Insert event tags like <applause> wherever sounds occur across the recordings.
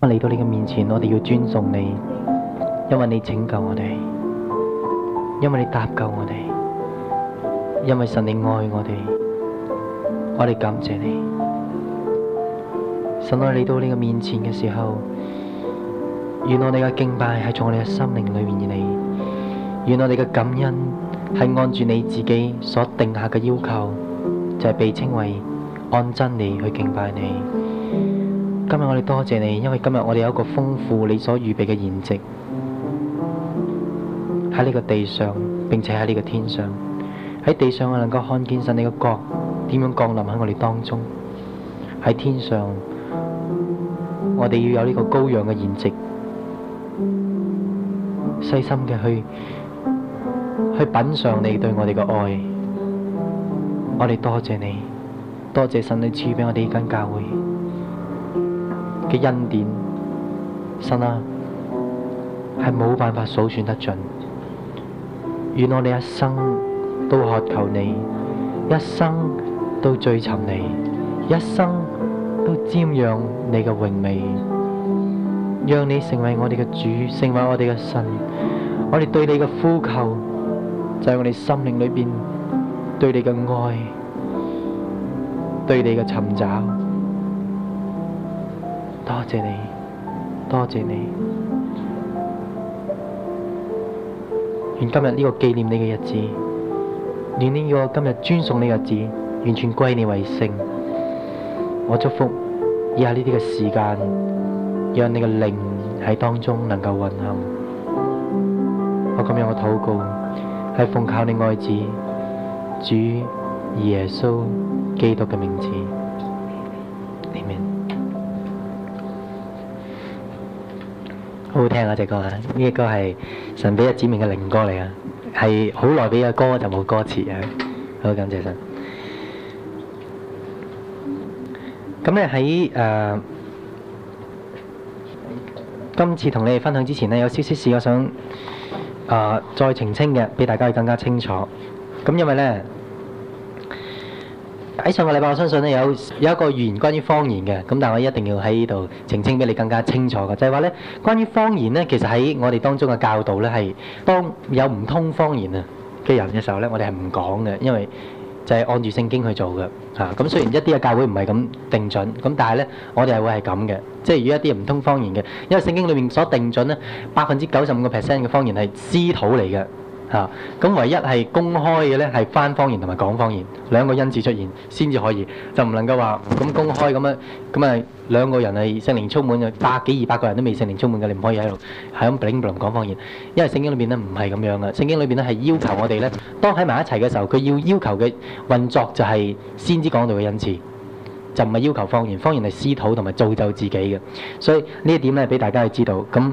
我嚟到你嘅面前，我哋要尊重你，因為你拯救我哋，因為你搭救我哋，因為神你愛我哋，我哋感謝你。神當你嚟到你嘅面前嘅時候，原來你嘅敬拜係從我哋嘅心靈裏面而嚟，原來你嘅感恩係按住你自己所定下嘅要求，就係、是、被稱為按真理去敬拜你。今日我哋多謝你，因為今日我哋有一個豐富你所預備嘅筵席，喺呢個地上，並且喺呢個天上。喺地上我能夠看見神你嘅國點樣降臨喺我哋當中；喺天上，我哋要有呢個高揚嘅筵席，細心嘅去去品嘗你對我哋嘅愛。我哋多謝你，多謝神你賜畀我哋呢間教會。嘅恩典，神啊，係冇辦法數算得盡。願我哋一生都渴求你，一生都追尋你，一生都瞻仰你嘅榮美，讓你成為我哋嘅主，成為我哋嘅神。我哋對你嘅呼求，就係我哋心靈裏邊對你嘅愛，對你嘅尋找。多謝你，多謝你。願今日呢個紀念你嘅日子，願呢個今日尊崇你嘅日子，完全歸你為聖。我祝福以下呢啲嘅時間，讓你嘅靈喺當中能夠運行。我咁樣嘅禱告，係奉靠你愛子，主耶穌基督嘅名字。好聽啊！隻歌啊，呢、這個、個歌係神俾一子民嘅靈歌嚟啊，係好耐俾嘅歌就冇歌詞啊。好，感謝神。咁咧喺誒，今次同你哋分享之前呢，有少少事我想誒、呃、再澄清嘅，俾大家更加清楚。咁因為咧。喺上個禮拜，我相信咧有有一個預言關於方言嘅，咁但係我一定要喺呢度澄清俾你更加清楚嘅，就係話咧，關於方言咧，其實喺我哋當中嘅教導咧，係當有唔通方言啊嘅人嘅時候咧，我哋係唔講嘅，因為就係按住聖經去做嘅，嚇，咁雖然一啲嘅教會唔係咁定準，咁但係咧，我哋係會係咁嘅，即係如果一啲唔通方言嘅，因為聖經裏面所定準咧，百分之九十五個 percent 嘅方言係私禱嚟嘅。嚇，咁唯一係公開嘅呢，係翻方言同埋講方言兩個恩賜出現先至可以，就唔能夠話咁公開咁咪咁啊，兩個人係聖靈充滿嘅百幾二百個人都未聖靈充滿嘅，你唔可以喺度喺咁亂講方言，因為聖經裏邊呢唔係咁樣嘅，聖經裏面呢係要求我哋呢，當喺埋一齊嘅時候，佢要要求嘅運作就係先知講道嘅恩賜就唔係要求方言，方言係私禱同埋造就自己嘅，所以呢一點呢，俾大家去知道，咁。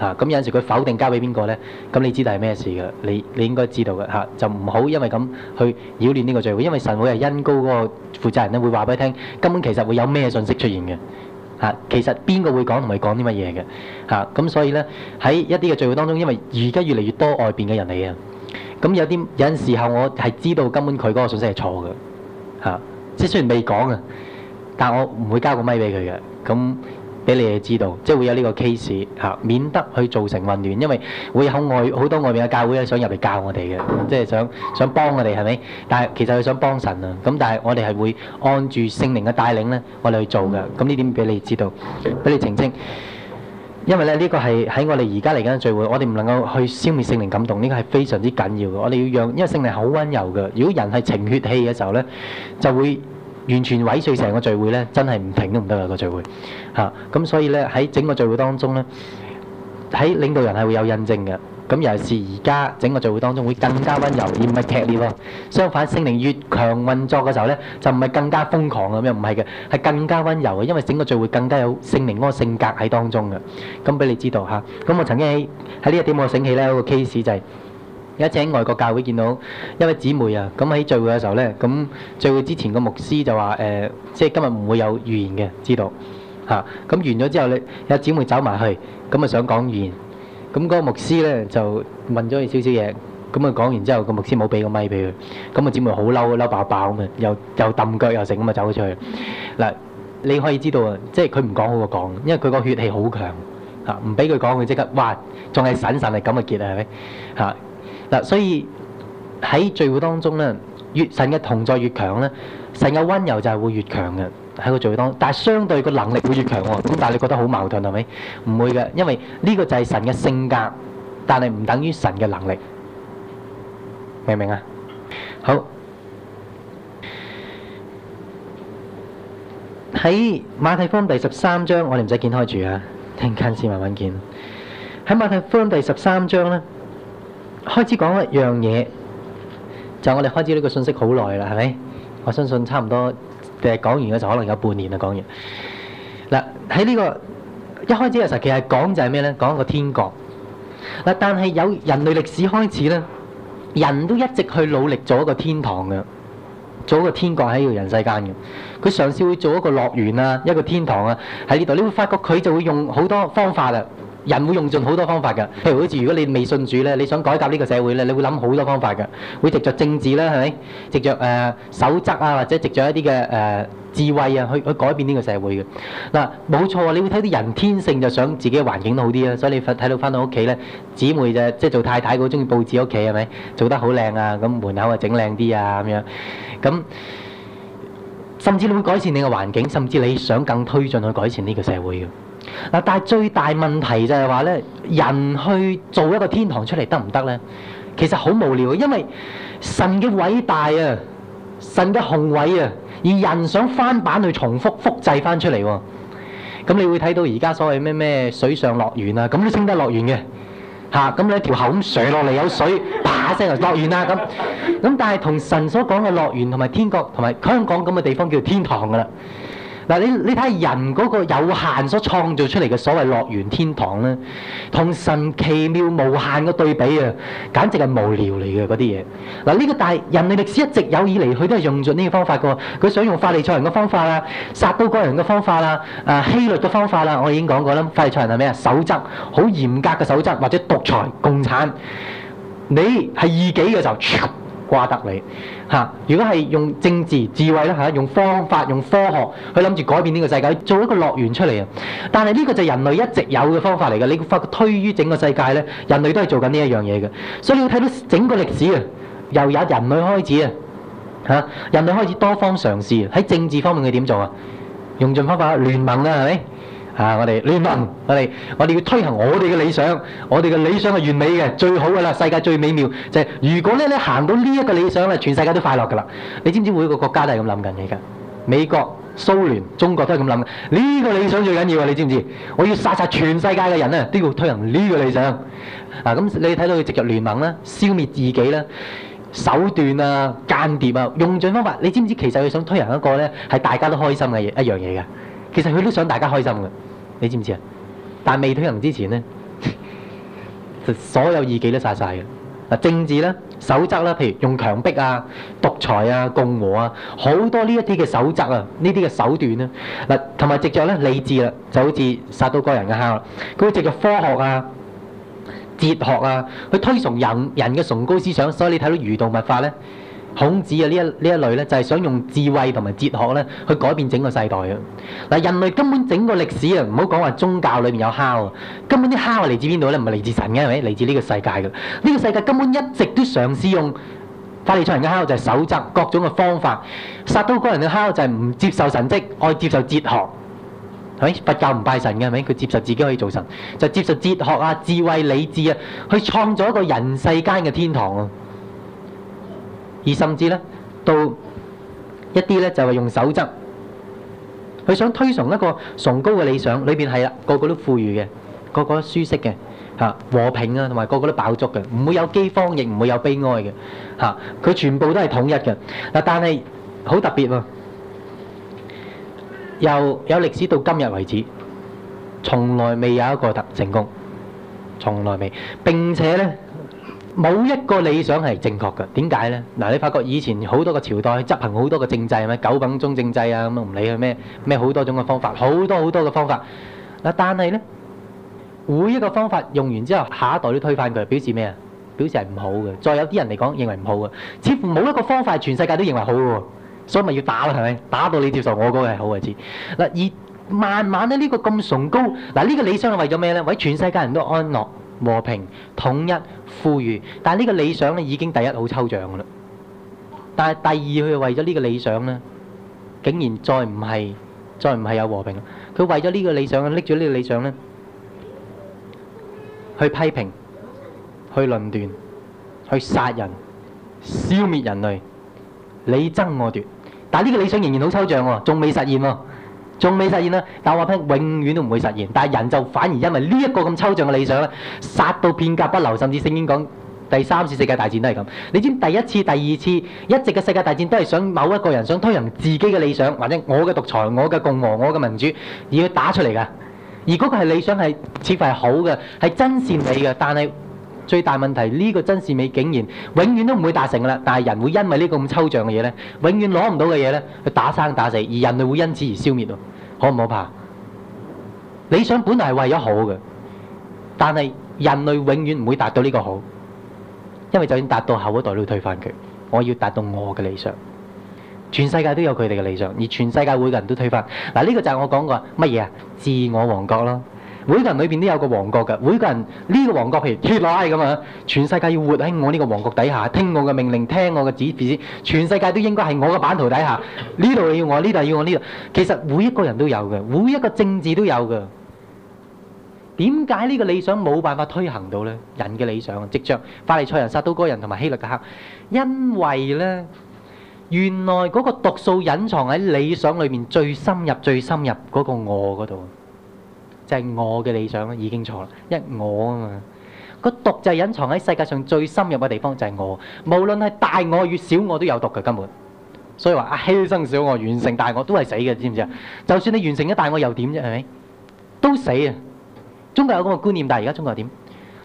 嚇、啊、咁有陣時佢否定交俾邊個咧？咁你知道係咩事噶？你你應該知道噶嚇、啊，就唔好因為咁去擾亂呢個聚會，因為神會係恩高嗰個負責人咧，會話俾你聽根本其實會有咩信息出現嘅嚇、啊。其實邊個會講同佢講啲乜嘢嘅嚇？咁、啊、所以咧喺一啲嘅聚會當中，因為而家越嚟越多外邊嘅人嚟啊，咁有啲有陣時候我係知道根本佢嗰個信息係錯嘅嚇、啊，即雖然未講啊，但我唔會交個咪俾佢嘅咁。啊俾你哋知道，即係會有呢個 case 嚇，免得去造成混亂。因為會有好好多外面嘅教會咧，想入嚟教我哋嘅，即係想想幫我哋係咪？但係其實佢想幫神啊。咁但係我哋係會按住聖靈嘅帶領咧，我哋去做嘅。咁呢點俾你知道，俾你澄清。因為咧，呢個係喺我哋而家嚟緊嘅聚會，我哋唔能夠去消滅聖靈感動。呢個係非常之緊要嘅。我哋要讓，因為聖靈好温柔嘅。如果人係情血氣嘅時候咧，就會完全毀碎成個聚會咧，真係唔停都唔得啦，個聚會吓。咁、啊、所以咧，喺整個聚會當中咧，喺領導人係會有印證嘅。咁尤其是而家整個聚會當中會更加温柔，而唔係劇烈咯。相反，聖靈越強運作嘅時候咧，就唔係更加瘋狂咁樣，唔係嘅，係更加温柔嘅，因為整個聚會更加有聖靈嗰個性格喺當中嘅。咁俾你知道下，咁、啊、我曾經喺喺呢一點我醒起咧一個 case 就係、是。而家喺外國教會見到一位姊妹啊，咁喺聚會嘅時候咧，咁聚會之前個牧師就話：誒，即係今日唔會有預言嘅，知道嚇。咁完咗之後咧，有姊妹走埋去，咁啊想講預言。咁嗰個牧師咧就問咗佢少少嘢，咁啊講完之後，個牧師冇俾個咪俾佢，咁啊姊妹好嬲，嬲爆爆咁啊，又又揼腳又成咁啊走咗出去。嗱，你可以知道啊，即係佢唔講好過講，因為佢個血氣好強嚇，唔俾佢講，佢即刻哇，仲係神神力咁啊結啊，係咪嚇？嗱，所以喺聚會當中咧，越神嘅同在越強咧，神嘅溫柔就係會越強嘅喺個聚會當中。但係相對個能力會越強喎。咁但係你覺得好矛盾係咪？唔會嘅，因為呢個就係神嘅性格，但係唔等於神嘅能力，明唔明啊？好。喺馬太福音第十三章，我哋唔使見開住啊，聽緊先慢慢見。喺馬太福音第十三章咧。開始講一樣嘢，就我哋開始呢個信息好耐啦，係咪？我相信差唔多誒講完嘅就可能有半年啦，講完嗱，喺呢個一開始嘅時候，其實講就係咩呢？講一個天國，但係有人類歷史開始呢，人都一直去努力做一個天堂嘅，做一個天國喺呢個人世間嘅。佢嘗試會做一個樂園啊，一個天堂啊，喺呢度你會發覺佢就會用好多方法啦。人會用盡好多方法㗎，譬如好似如果你未信主咧，你想改革呢個社會咧，你會諗好多方法㗎，會藉着政治啦，係咪？藉着誒、呃、守則啊，或者藉着一啲嘅誒智慧啊，去去改變呢個社會嘅。嗱、啊，冇錯啊，你會睇啲人天性就想自己嘅環境都好啲啊，所以你睇到返到屋企咧，姊妹就即係做太太好中意佈置屋企，係咪？做得好靚啊，咁門口就整一點啊，整靚啲啊咁樣，咁甚至你會改善你嘅環境，甚至你想更推進去改善呢個社會嘅。嗱，但係最大問題就係話咧，人去做一個天堂出嚟得唔得咧？其實好無聊啊，因為神嘅偉大啊，神嘅雄偉啊，而人想翻版去重複複製翻出嚟喎。咁你會睇到而家所謂咩咩水上樂園啊，咁都升得樂園嘅吓，咁你條口咁水落嚟有水，叭聲就樂園啦咁。咁但係同神所講嘅樂園同埋天國同埋香港咁嘅地方叫天堂噶啦。嗱，你你睇下人嗰個有限所創造出嚟嘅所謂樂園天堂咧，同神奇妙無限嘅對比啊，簡直係無聊嚟嘅嗰啲嘢。嗱，呢個大人類歷史一直有以嚟，佢都係用咗呢個方法嘅。佢想用法利賽人嘅方法啦，殺到個人嘅方法啦，啊希律嘅方法啦，我已經講過啦。法利賽人係咩啊？守則，好嚴格嘅守則，或者獨裁共產，你係異己嘅就。掛得你嚇！如果係用政治智慧咧嚇，用方法用科學去諗住改變呢個世界，做一個樂園出嚟啊！但係呢個就係人類一直有嘅方法嚟嘅。你發覺推於整個世界咧，人類都係做緊呢一樣嘢嘅。所以你要睇到整個歷史啊，由有人類開始啊嚇，人類開始多方嘗試喺政治方面佢點做啊？用盡方法聯盟啦，係咪？啊！我哋聯盟，我哋我哋要推行我哋嘅理想，我哋嘅理想係完美嘅，最好㗎喇，世界最美妙就係、是、如果咧，你行到呢一個理想咧，全世界都快樂㗎喇。你知唔知每個國家都係咁諗緊嘅？而美國、蘇聯、中國都係咁諗。呢、這個理想最緊要啊！你知唔知？我要殺曬全世界嘅人啊！都要推行呢個理想。嗱、啊，咁你睇到佢植入聯盟啦，消滅自己啦，手段啊、間諜啊，用盡方法。你知唔知其實佢想推行一個咧係大家都開心嘅一一樣嘢嘅？其實佢都想大家開心嘅。你知唔知啊？但未推行之前呢， <laughs> 所有異己都殺晒。嘅。嗱，政治咧、守則啦，譬如用強迫啊、獨裁啊、共和啊，好多呢一啲嘅守則啊、呢啲嘅手段咧、啊，嗱同埋藉著咧理智啦，就好似殺到個人嘅喊，佢藉著科學啊、哲學啊，去推崇人人嘅崇高思想，所以你睇到儒道物法咧。孔子啊呢一呢一類咧，就係想用智慧同埋哲學咧，去改變整個世代啊！嗱，人類根本整個歷史啊，唔好講話宗教裏面有瑕啊，根本啲瑕嚟自邊度咧？唔係嚟自神嘅，係咪嚟自呢個世界嘅？呢個世界根本一直都嘗試用法利賽人嘅瑕，就係守則各種嘅方法；撒都該人嘅瑕，就係唔接受神蹟，愛接受哲學，係佛教唔拜神嘅，係咪？佢接受自己可以做神，就接受哲學啊、智慧、理智啊，去創造一個人世間嘅天堂啊！而甚至咧，到一啲咧就係用守則，佢想推崇一個崇高嘅理想，裏邊係啊，個個都富裕嘅，個個都舒適嘅，嚇和平啊，同埋個個都飽足嘅，唔會有饑荒，亦唔會有悲哀嘅，嚇佢全部都係統一嘅嗱。但係好特別喎，由有歷史到今日為止，從來未有一個特成功，從來未。並且咧。冇一個理想係正確嘅，點解呢？嗱，你發覺以前好多個朝代執行好多個政制，咩九品中正制啊，咁都唔理佢咩咩好多種嘅方法，好多好多嘅方法。嗱，但係呢，每一個方法用完之後，下一代都推翻佢，表示咩啊？表示係唔好嘅。再有啲人嚟講認為唔好嘅，似乎冇一個方法全世界都認為好嘅，所以咪要打咯，係咪？打到你接受我嗰個係好為止。嗱，而慢慢呢，呢個咁崇高，嗱呢個理想係為咗咩呢？為全世界人都安樂。和平、統一、富裕，但係呢個理想咧已經第一好抽象㗎啦。但係第二佢為咗呢個理想咧，竟然再唔係，再唔係有和平。佢為咗呢個理想，拎住呢個理想咧，去批評、去論斷、去殺人、消滅人類、你爭我奪。但係呢個理想仍然好抽象喎，仲未實現啊！仲未實現啦，但我話俾你永遠都唔會實現。但人就反而因為呢一個咁抽象嘅理想咧，殺到片甲不留，甚至聖經講第三次世界大戰都係咁。你知唔知，第一次、第二次一直嘅世界大戰都係想某一個人想推行自己嘅理想，或者我嘅獨裁、我嘅共和、我嘅民主而去打出嚟㗎。而嗰個係理想係似乎係好嘅，係真善美嘅。但係最大問題呢、呢個真善美竟然永遠都唔會達成㗎喇。但係人會因為呢個咁抽象嘅嘢咧，永遠攞唔到嘅嘢咧，去打生打死，而人類會因此而消滅。可唔可怕？理想本嚟係為咗好嘅，但係人類永遠唔會達到呢個好，因為就算達到後一代都要推翻佢。我要達到我嘅理想，全世界都有佢哋嘅理想，而全世界每個人都推翻。嗱、啊，呢、呢個就係我講過乜嘢啊？自我王國囉。每個人裏邊都有個王國㗎，每個人呢個王國譬如血拉咁啊！全世界要活喺我呢個王國底下，聽我嘅命令，聽我嘅指示，全世界都應該係我嘅版圖底下。呢度要我，呢度要我，呢度。其實每一個人都有嘅，每一個政治都有嘅。點解呢個理想冇辦法推行到咧？人嘅理想、即將、法利賽人、撒都該人同埋希律嘅客，因為咧，原來嗰個毒素隱藏喺理想裏面最深入、最深入嗰個我嗰度。就係我嘅理想咯，已經錯啦，因為我啊嘛個毒就係隱藏喺世界上最深入嘅地方，就係我。無論係大我與小我都有毒嘅根本，所以話啊犧牲小我完成大我都係死嘅，知唔知啊？就算你完成咗大我又點啫？係咪都死啊？中國有咁嘅觀念，但係而家中國又點？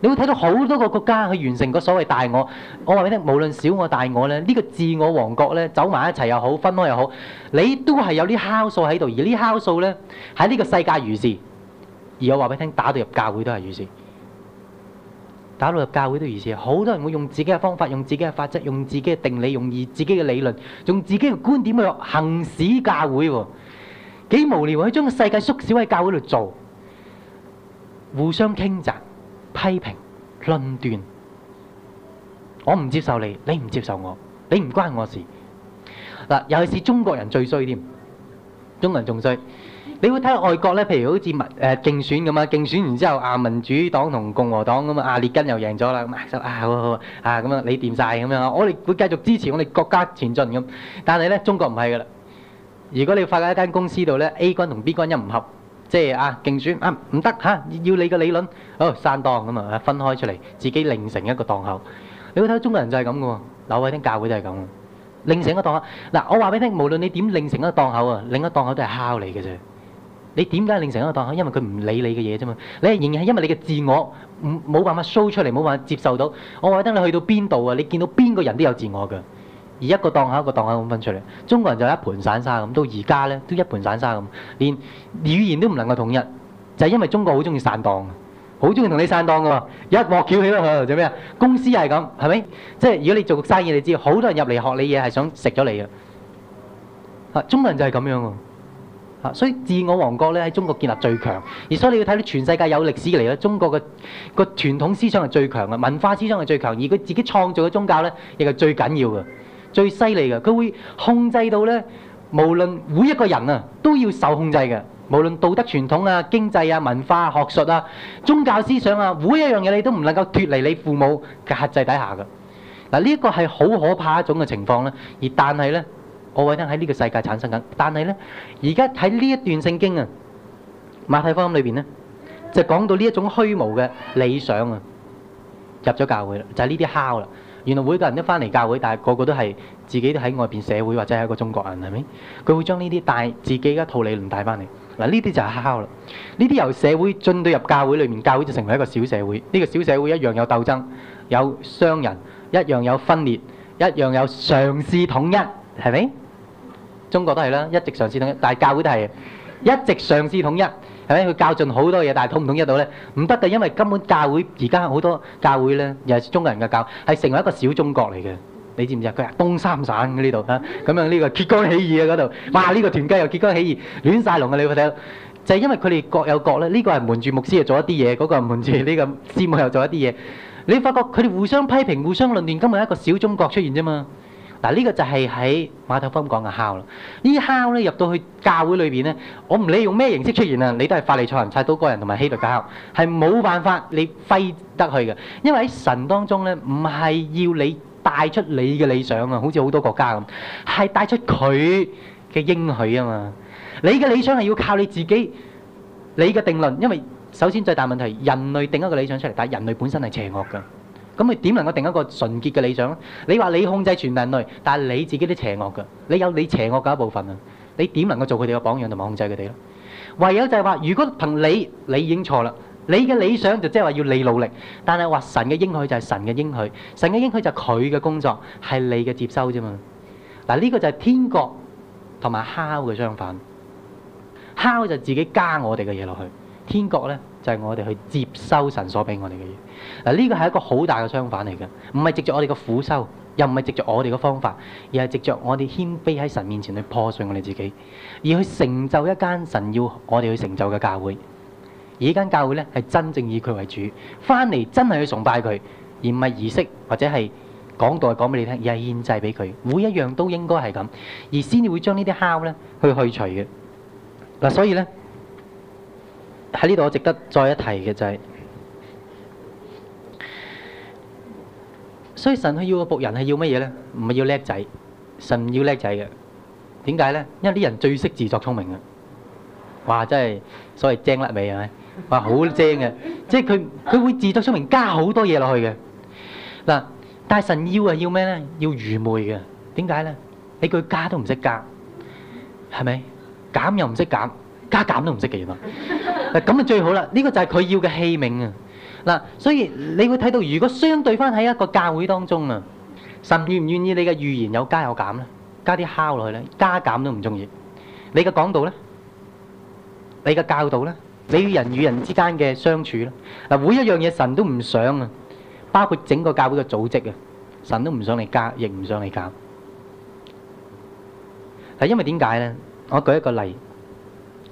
你會睇到好多個國家去完成個所謂大我。我話俾你聽，無論小我大我咧，呢個自我王國咧，走埋一齊又好，分開又好，你都係有啲酵素喺度，而呢酵素咧喺呢個世界如是。而我話俾你聽，打到入教會都係如此，打到入教會都如此。好多人會用自己嘅方法，用自己嘅法則，用自己嘅定理，用自己嘅理論，用自己嘅觀點去行使教會喎，幾無聊喎！佢將個世界縮小喺教會度做，互相傾軋、批評、論斷，我唔接受你，你唔接受我，你唔關我事。嗱，尤其是中國人最衰添，中國人仲衰。你會睇到外國咧，譬如好似民誒競選咁啊，競選完之後啊，民主黨同共和黨咁啊，啊列根又贏咗啦咁啊，就啊好好啊咁啊，你掂曬咁樣啊，我哋會繼續支持我哋國家前進咁。但係咧，中國唔係噶啦。如果你發覺一間公司度咧，A 軍同 B 軍一唔合，即係啊競選啊唔得嚇，要你嘅理論，哦散檔咁啊，分開出嚟，自己另成一個檔口。你會睇到中國人就係咁噶喎，劉偉聽教會都係咁，另成一個檔口。嗱，我話俾你聽，無論你點另成一個檔口啊，另一檔口都係蝦你嘅啫。你點解令成一個檔口？因為佢唔理你嘅嘢啫嘛。你仍然係因為你嘅自我，冇辦法 show 出嚟，冇辦法接受到。我話等你去到邊度啊？你見到邊個人都有自我㗎。而一個檔口一個檔口咁分出嚟，中國人就一盤散沙咁。到而家呢，都一盤散沙咁，連語言都唔能夠統一，就係因為中國好中意散檔，好中意同你散檔㗎嘛。一鑊翹起啦，做咩啊？公司係咁，係咪？即係如果你做個生意，你知好多人入嚟學你嘢係想食咗你嘅。啊，中國人就係咁樣喎。所以自我王國咧喺中國建立最強，而所以你要睇到全世界有歷史以嚟咧，中國嘅個傳統思想係最強嘅，文化思想係最強，而佢自己創造嘅宗教咧亦係最緊要嘅、最犀利嘅。佢會控制到咧，無論每一個人啊都要受控制嘅，無論道德傳統啊、經濟啊、文化、啊、學術啊、宗教思想啊，每一樣嘢你都唔能夠脱離你父母嘅限制底下嘅。嗱呢一個係好可怕一種嘅情況咧，而但係咧。我睇到喺呢個世界產生緊，但係呢，而家喺呢一段聖經啊，馬太福音裏邊呢，就講到呢一種虛無嘅理想啊，入咗教會啦，就係呢啲敲啦。原來每個人都翻嚟教會，但係個個都係自己都喺外邊社會或者係一個中國人，係咪？佢會將呢啲帶自己嘅一套理論帶翻嚟嗱，呢啲就係敲啦。呢啲由社會進到入教會裏面，教會就成為一個小社會。呢個小社會一樣有鬥爭，有商人，一樣有分裂，一樣有嘗試統一，係咪？中國都係啦，一直嘗試統一，但係教會都係一直嘗試統一，係咪？佢教盡好多嘢，但係統唔統一到咧？唔得嘅，因為根本教會而家好多教會咧，又係中國人嘅教，係成為一個小中國嚟嘅。你知唔知啊？佢係東三省嘅呢度嚇，咁樣呢個揭竿起義啊嗰度，哇！呢個團契又揭竿起義，亂曬龍嘅你會睇，就係因為佢哋各有各咧。呢個係瞞住牧師又做一啲嘢，嗰個瞞住呢個師母又做一啲嘢。你發覺佢哋互相批評、互相論斷，今日一個小中國出現啫嘛？嗱，呢個就係喺馬太福音講嘅酵啦。呢酵咧入到去教會裏邊咧，我唔理用咩形式出現啊，你都係法利賽人、撒都該人同埋希律嘅酵，係冇辦法你揮得去嘅。因為喺神當中咧，唔係要你帶出你嘅理想啊，好似好多國家咁，係帶出佢嘅應許啊嘛。你嘅理想係要靠你自己，你嘅定論。因為首先最大問題，人類定一個理想出嚟，但係人類本身係邪惡㗎。咁你點能夠定一個純潔嘅理想咧？你話你控制全人類，但係你自己都邪惡㗎，你有你邪惡嘅一部分啊！你點能夠做佢哋嘅榜樣同埋控制佢哋咧？唯有就係話，如果憑你，你已經錯啦。你嘅理想就即係話要你努力，但係話神嘅應許就係神嘅應許，神嘅應許就係佢嘅工作係你嘅接收啫嘛。嗱、這、呢個就係天國同埋酵嘅相反，酵就自己加我哋嘅嘢落去，天國咧。就係、是、我哋去接收神所俾我哋嘅嘢嗱，呢個係一個好大嘅相反嚟嘅，唔係藉著我哋嘅苦修，又唔係藉著我哋嘅方法，而係藉著我哋謙卑喺神面前去破碎我哋自己，而去成就一間神要我哋去成就嘅教會，而呢間教會咧係真正以佢為主，翻嚟真係去崇拜佢，而唔係儀式或者係講道講俾你聽，而係獻祭俾佢，每一樣都應該係咁，而先至會將呢啲烤咧去去除嘅嗱，所以咧。喺呢度我值得再一提嘅就係，所以神佢要嘅僕人係要乜嘢咧？唔係要叻仔，神要叻仔嘅。點解咧？因為啲人最識自作聰明呀。哇！真係所謂精甩尾係咪？哇！好精嘅，即係佢佢會自作聰明加好多嘢落去嘅。嗱，但係神要啊要咩咧？要愚昧嘅。點解咧？你佢加都唔識加，係咪減又唔識減？加減都唔識嘅，原來嗱咁啊最好啦！呢個就係佢要嘅器皿啊嗱，所以你會睇到，如果相對翻喺一個教會當中啊，神願唔願意你嘅預言有加有減咧？加啲敲落去咧，加減都唔中意。你嘅講道咧，你嘅教導咧，你與人與人之間嘅相處咧，嗱，每一樣嘢神都唔想啊，包括整個教會嘅組織啊，神都唔想你加，亦唔想你減。係因為點解咧？我舉一個例。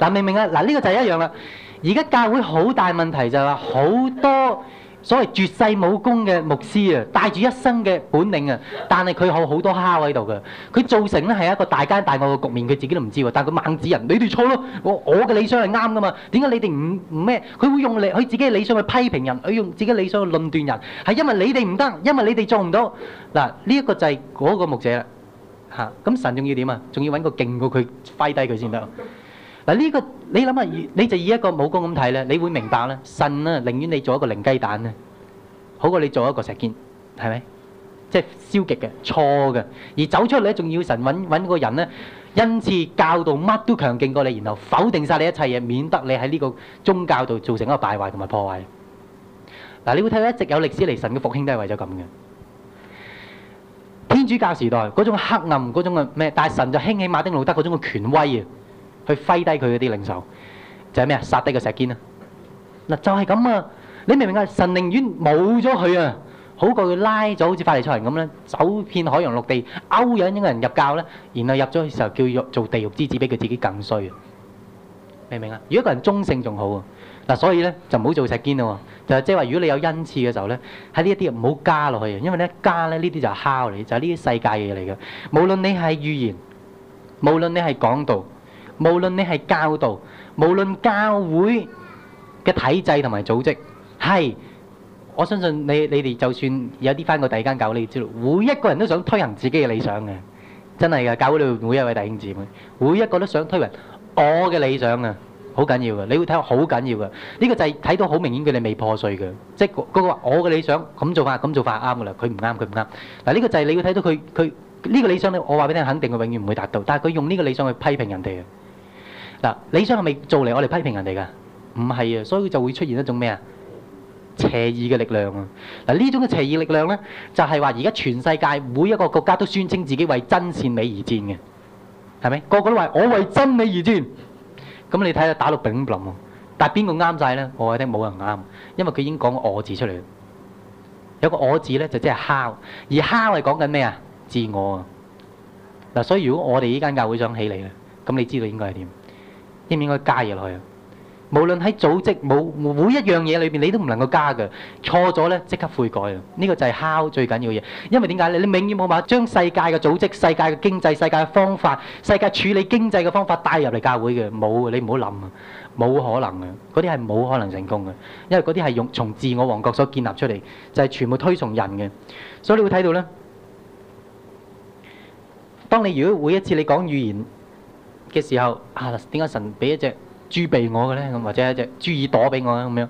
嗱，明唔明啊？嗱，呢個就係一樣啦。而家教會好大問題就係話好多所謂絕世武功嘅牧師啊，帶住一身嘅本領啊，但係佢有好多蝦喺度嘅。佢造成咧係一個大奸大惡嘅局面，佢自己都唔知喎。但係佢猛指人，你哋錯咯，我我嘅理想係啱噶嘛？點解你哋唔唔咩？佢會用嚟佢自己嘅理想去批評人，佢用自己嘅理想去論斷人，係因為你哋唔得，因為你哋做唔到嗱。呢一個就係嗰個牧者啦嚇。咁神仲要點啊？仲要揾個勁過佢揮低佢先得。嗱，這，呢個你諗下，你就以一個武功咁睇咧，你會明白咧。神咧寧願你做一個零雞蛋咧，好過你做一個石堅，係咪？即係消極嘅錯嘅。而走出嚟仲要神揾揾個人咧，因此教導乜都強勁過你，然後否定晒你一切嘢，免得你喺呢個宗教度造成一個敗壞同埋破壞。嗱，你會睇到一直有歷史嚟神嘅復興都係為咗咁嘅。天主教時代嗰種黑暗嗰種嘅咩，但係神就興起馬丁路德嗰種嘅權威嘅。去揮低佢嗰啲領袖，就係咩啊？殺低個石堅啊！嗱就係咁啊！你明唔明啊？神寧願冇咗佢啊！好過佢拉咗好似法利賽人咁咧，走遍海洋陸地勾引一個人入教咧，然後入咗去時候叫做做地獄之子，比佢自己更衰啊！明唔明啊？如果一個人中性仲好啊！嗱，所以咧就唔好做石堅咯。就係即係話，如果你有恩賜嘅時候咧，喺呢一啲唔好加落去，因為咧加咧呢啲就係烤嚟，就係呢啲世界嘢嚟嘅。無論你係預言，無論你係講道。無論你係教導，無論教會嘅體制同埋組織，係我相信你你哋就算有啲翻過第二間教，你知道，每一個人都想推行自己嘅理想嘅，真係嘅。教會裏面每一位弟兄姊妹，每一個都想推行我嘅理想啊，好緊要嘅。你會睇到好緊要嘅，呢個就係睇到好明顯佢哋未破碎嘅，即係嗰個我嘅理想咁做法咁做法啱嘅啦，佢唔啱佢唔啱。嗱呢個就係你要睇到佢佢呢個理想咧，我話俾你聽，肯定佢永遠唔會達到，但係佢用呢個理想去批評人哋嘅。理想係咪做嚟我哋批評人哋㗎？唔係啊，所以就會出現一種咩啊？邪異嘅力量啊！嗱，呢種嘅邪異力量呢，就係話而家全世界每一個國家都宣稱自己為真善美而戰嘅，係咪？個個都話我為真美而戰，咁你睇下打到丙冧，但係邊個啱晒呢？我覺得冇人啱，因為佢已經講我字出嚟，有個我字呢，就即係蝦，而蝦係講緊咩啊？自我啊！嗱，所以如果我哋呢間教會想起嚟咧，咁你知道應該係點？應唔應該加入落去？無論喺組織冇每一樣嘢裏邊，你都唔能夠加嘅。錯咗咧，即刻悔改啊！呢個就係敲最緊要嘅嘢。因為點解咧？你永遠冇法將世界嘅組織、世界嘅經濟、世界嘅方法、世界處理經濟嘅方法帶入嚟教會嘅，冇你唔好諗啊！冇可能嘅，嗰啲係冇可能成功嘅，因為嗰啲係用從自我王國所建立出嚟，就係全部推崇人嘅。所以你會睇到咧，當你如果每一次你講語言嘅時候啊，點解神俾一隻豬鼻我嘅咧？咁或者一隻豬耳朵俾我咁樣，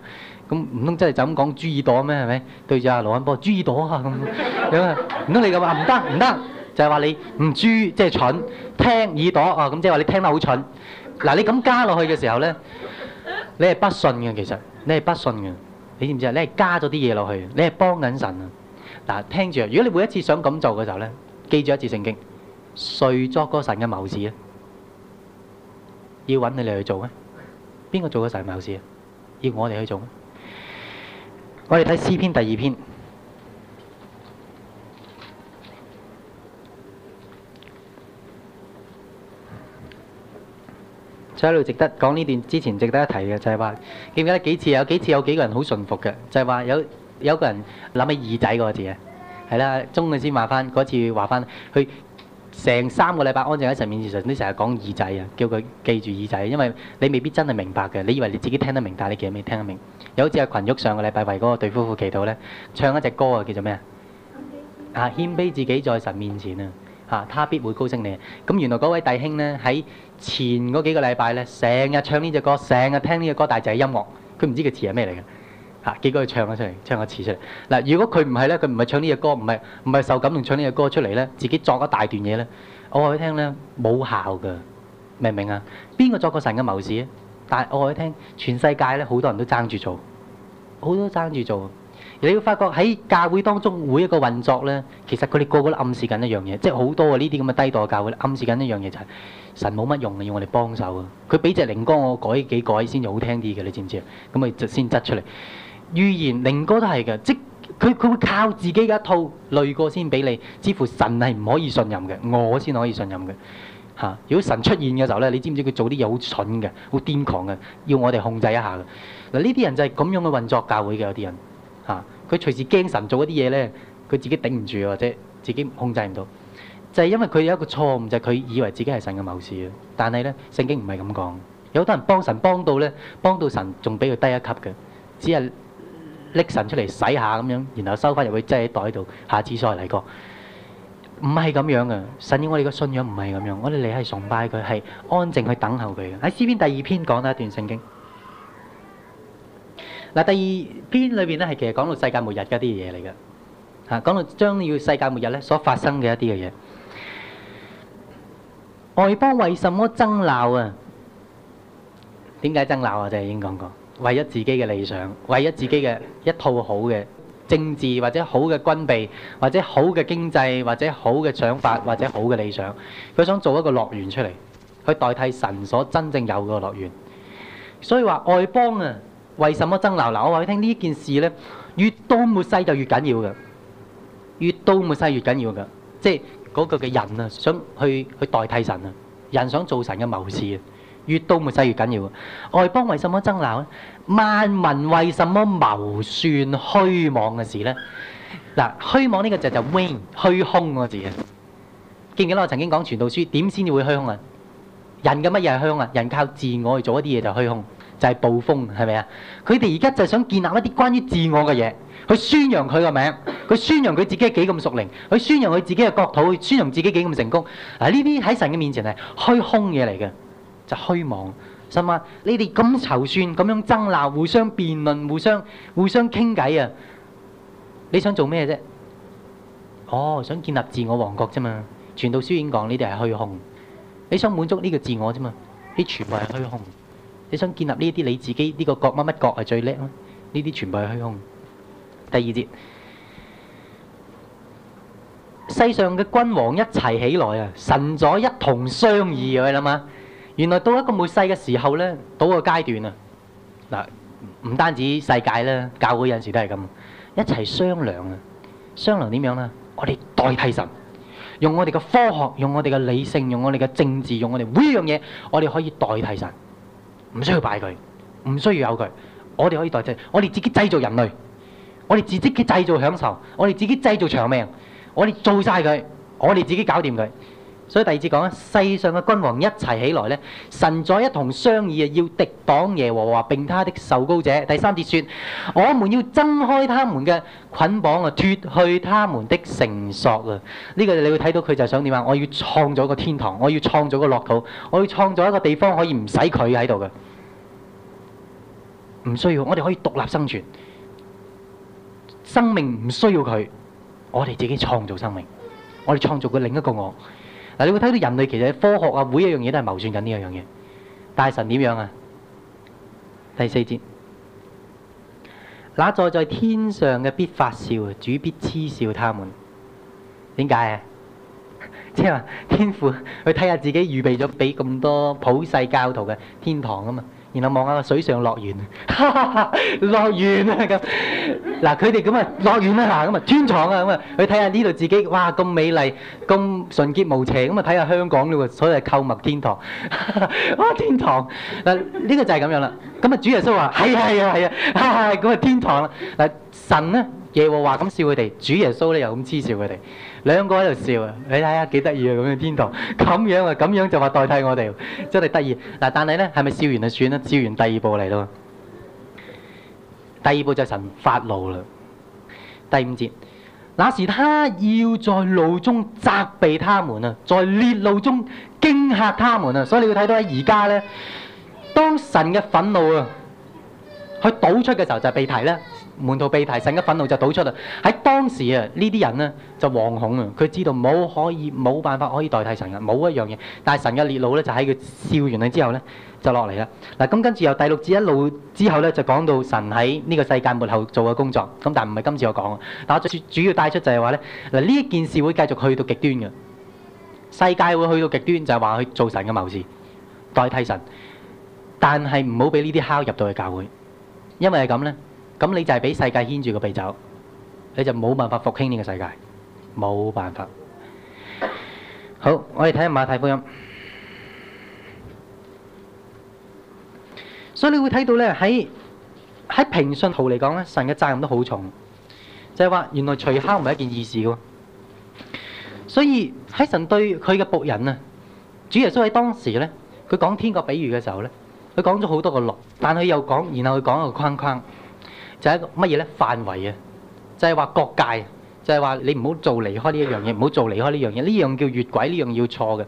咁唔通真係就咁講豬耳朵咩？係咪對住阿羅安波豬耳朵啊，咁樣唔通你咁話啊？唔得唔得，就係話你唔豬即係蠢，聽耳朵啊，咁，即係話你聽得好蠢嗱、啊。你咁加落去嘅時候咧，你係不信嘅，其實你係不信嘅，你知唔知啊？你係加咗啲嘢落去，你係幫緊神啊嗱、啊。聽住，如果你每一次想咁做嘅時候咧，記住一次聖經誰作嗰神嘅謀士咧？要揾佢哋去做咩？邊個做嘅時候咪好事啊？要我哋去做咩？我哋睇詩篇第二篇。就喺度值得講呢段之前，值得一提嘅就係話，記唔記得幾次，有幾次有幾個人好順服嘅，就係話有，有個人諗起耳仔嗰個字啊，係啦，中嘅先話翻嗰次話翻去。成三個禮拜安靜喺神面前時，實你成日講耳仔啊，叫佢記住耳仔，因為你未必真係明白嘅。你以為你自己聽得明白，但係你其實未聽得明。有好似阿群旭上個禮拜為嗰個對夫婦祈禱咧，唱一隻歌啊，叫做咩啊？啊，謙卑自己在神面前啊，啊，他必會高升你。咁原來嗰位弟兄咧喺前嗰幾個禮拜咧，成日唱呢隻歌，成日聽呢隻歌，但係就係音樂，佢唔知個詞係咩嚟嘅。嚇、啊，結果佢唱咗出嚟，唱個詞出嚟。嗱，如果佢唔係咧，佢唔係唱呢隻歌，唔係唔係受感動唱呢隻歌出嚟咧，自己作一大段嘢咧，我話佢聽咧冇效㗎，明唔明啊？邊個作過神嘅謀士啊？但係我話你聽，全世界咧好多人都爭住做，好多都爭住做。你要發覺喺教會當中每一個運作咧，其實佢哋個個都暗示緊一樣嘢，即係好多啊呢啲咁嘅低度嘅教會暗示緊一樣嘢就係、是、神冇乜用嘅，要我哋幫手啊。佢俾隻靈歌我改幾改先至好聽啲嘅，你知唔知啊？咁咪就先執出嚟。預言，靈歌都係嘅，即佢佢會靠自己嘅一套累過先俾你，似乎神係唔可以信任嘅，我先可以信任嘅嚇、啊。如果神出現嘅時候咧，你知唔知佢做啲嘢好蠢嘅，好顛狂嘅，要我哋控制一下嘅。嗱，呢啲人就係咁樣嘅運作教會嘅，有啲人嚇，佢、啊、隨時驚神做嗰啲嘢咧，佢自己頂唔住或者自己控制唔到，就係、是、因為佢有一個錯誤，就係、是、佢以為自己係神嘅謀士啊。但係咧聖經唔係咁講，有好多人幫神幫到咧，幫到神仲比佢低一級嘅，只係。拎神出嚟洗下咁樣，然後收翻入去，擠喺袋度，下次再嚟過。唔係咁樣嘅，神以我哋嘅信仰唔係咁樣，我哋嚟係崇拜佢，係安靜去等候佢嘅。喺詩篇第二篇講咗一段聖經。嗱，第二篇裏邊咧係其實講到世界末日一啲嘢嚟嘅，吓講到將要世界末日咧所發生嘅一啲嘅嘢。外邦為什麼爭鬧啊？點解爭鬧啊？就係已經講過。為咗自己嘅理想，為咗自己嘅一套好嘅政治，或者好嘅軍備，或者好嘅經濟，或者好嘅想法，或者好嘅理想，佢想做一個樂園出嚟，去代替神所真正有嘅樂園。所以話外邦啊，為什麼爭鬧鬧？我話你聽呢件事呢，越多末世就越緊要嘅，越多末世越緊要嘅，即係嗰個嘅人啊，想去去代替神啊，人想做神嘅謀士。越到末世越緊要。外邦為什麼爭鬧咧？萬民為什麼謀算虛妄嘅事咧？嗱，虛妄呢個字就係虛空個字嘅。記唔記得我曾經講《傳道書》點先至會虛空啊？人嘅乜嘢係虛空啊？人靠自我去做一啲嘢就虛空，就係捕風，係咪啊？佢哋而家就係想建立一啲關於自我嘅嘢，去宣揚佢個名，去宣揚佢自己幾咁聰明，去宣揚佢自己嘅國土，去宣揚自己幾咁成功。嗱，呢啲喺神嘅面前係虛空嘢嚟嘅。就虛妄，心話：你哋咁籌算、咁樣爭鬧、互相辯論、互相互相傾偈啊！你想做咩啫？哦，想建立自我王國啫嘛！《傳道書》已經講，你哋係虛空，你想滿足呢個自我啫嘛？你全部係虛空，你想建立呢啲你自己呢、呢個國乜乜國係最叻咧？呢啲全部係虛空。第二節，世上嘅君王一齊起來啊，神咗一同商議，你諗下？原來到一個末世嘅時候呢，到個階段啊，唔單止世界啦，教會有陣時都係咁，一齊商量啊，商量點樣呢？我哋代替神，用我哋嘅科學，用我哋嘅理性，用我哋嘅政治，用我哋每一樣嘢，我哋可以代替神，唔需要拜佢，唔需要有佢，我哋可以代替，我哋自己製造人類，我哋自己嘅製造享受，我哋自己製造長命，我哋做晒佢，我哋自己搞掂佢。所以第二節講世上嘅君王一齊起來咧，神在一同商議啊，要敵擋耶和華並他的受膏者。第三節説：我們要掙開他們嘅捆綁啊，脱去他們的繩索啊。呢、這個你會睇到佢就想點啊？我要創造個天堂，我要創造個個樂土，我要創造一個地方可以唔使佢喺度嘅，唔需要我哋可以獨立生存，生命唔需要佢，我哋自己創造生命，我哋創造個另一個我。但你會睇到人類其實喺科學啊，每一樣嘢都係謀算緊呢樣嘢。大神點樣啊？第四節，那坐在，在天上嘅必發笑，主必嗤笑他們。點解啊？即係話天父去睇下自己預備咗俾咁多普世教徒嘅天堂啊嘛。然後望下個水上樂園，樂園啊咁。嗱，佢哋咁啊樂園啊嚇，咁啊天堂啊咁啊，去睇下呢度自己，哇咁美麗，咁純潔無邪，咁啊睇下香港嘞喎，所謂購物天堂 <laughs> <laughs> 啊天堂。嗱，呢個就係咁樣啦。咁啊主耶穌話：係啊係啊係啊，咁啊天堂啦。嗱，神咧耶和華咁笑佢哋，主耶穌咧又咁黐笑佢哋。兩個喺度笑啊！你睇下幾得意啊！咁樣天堂咁樣啊，咁樣就話代替我哋，真係得意。嗱，但係咧，係咪笑完就算啦？笑完第二步嚟咯，第二步就神發怒啦。第五節，那時他要在路中責備他們啊，在烈怒中驚嚇他們啊！所以你要睇到喺而家咧，當神嘅憤怒啊，去倒出嘅時候，就係被提啦。門徒被提，神嘅憤怒就倒出啦。喺當時啊，呢啲人呢就惶恐啊，佢知道冇可以冇辦法可以代替神嘅，冇一樣嘢。但係神嘅烈怒咧，就喺佢笑完啦之後咧就落嚟啦。嗱，咁跟住由第六節一路之後咧，就講到神喺呢個世界末後做嘅工作。咁但係唔係今次我講，但我最主要帶出就係話咧，嗱，呢件事會繼續去到極端嘅，世界會去到極端就係話去做神嘅謀事，代替神，但係唔好俾呢啲敲入到去教會，因為係咁咧。咁你就係俾世界牽住個鼻走，你就冇辦法復興呢個世界，冇辦法。好，我哋睇下馬太福音。所以你會睇到咧喺喺平信徒嚟講咧，神嘅責任都好重，就係話原來除敲唔係一件易事嘅喎。所以喺神對佢嘅僕人啊，主耶穌喺當時咧，佢講天國比喻嘅時候咧，佢講咗好多個落，但佢又講，然後佢講一個框框。就係一個乜嘢咧？範圍啊，就係話各界，就係話你唔好做離開呢一樣嘢，唔好做離開呢樣嘢。呢樣叫越軌，呢樣要錯嘅。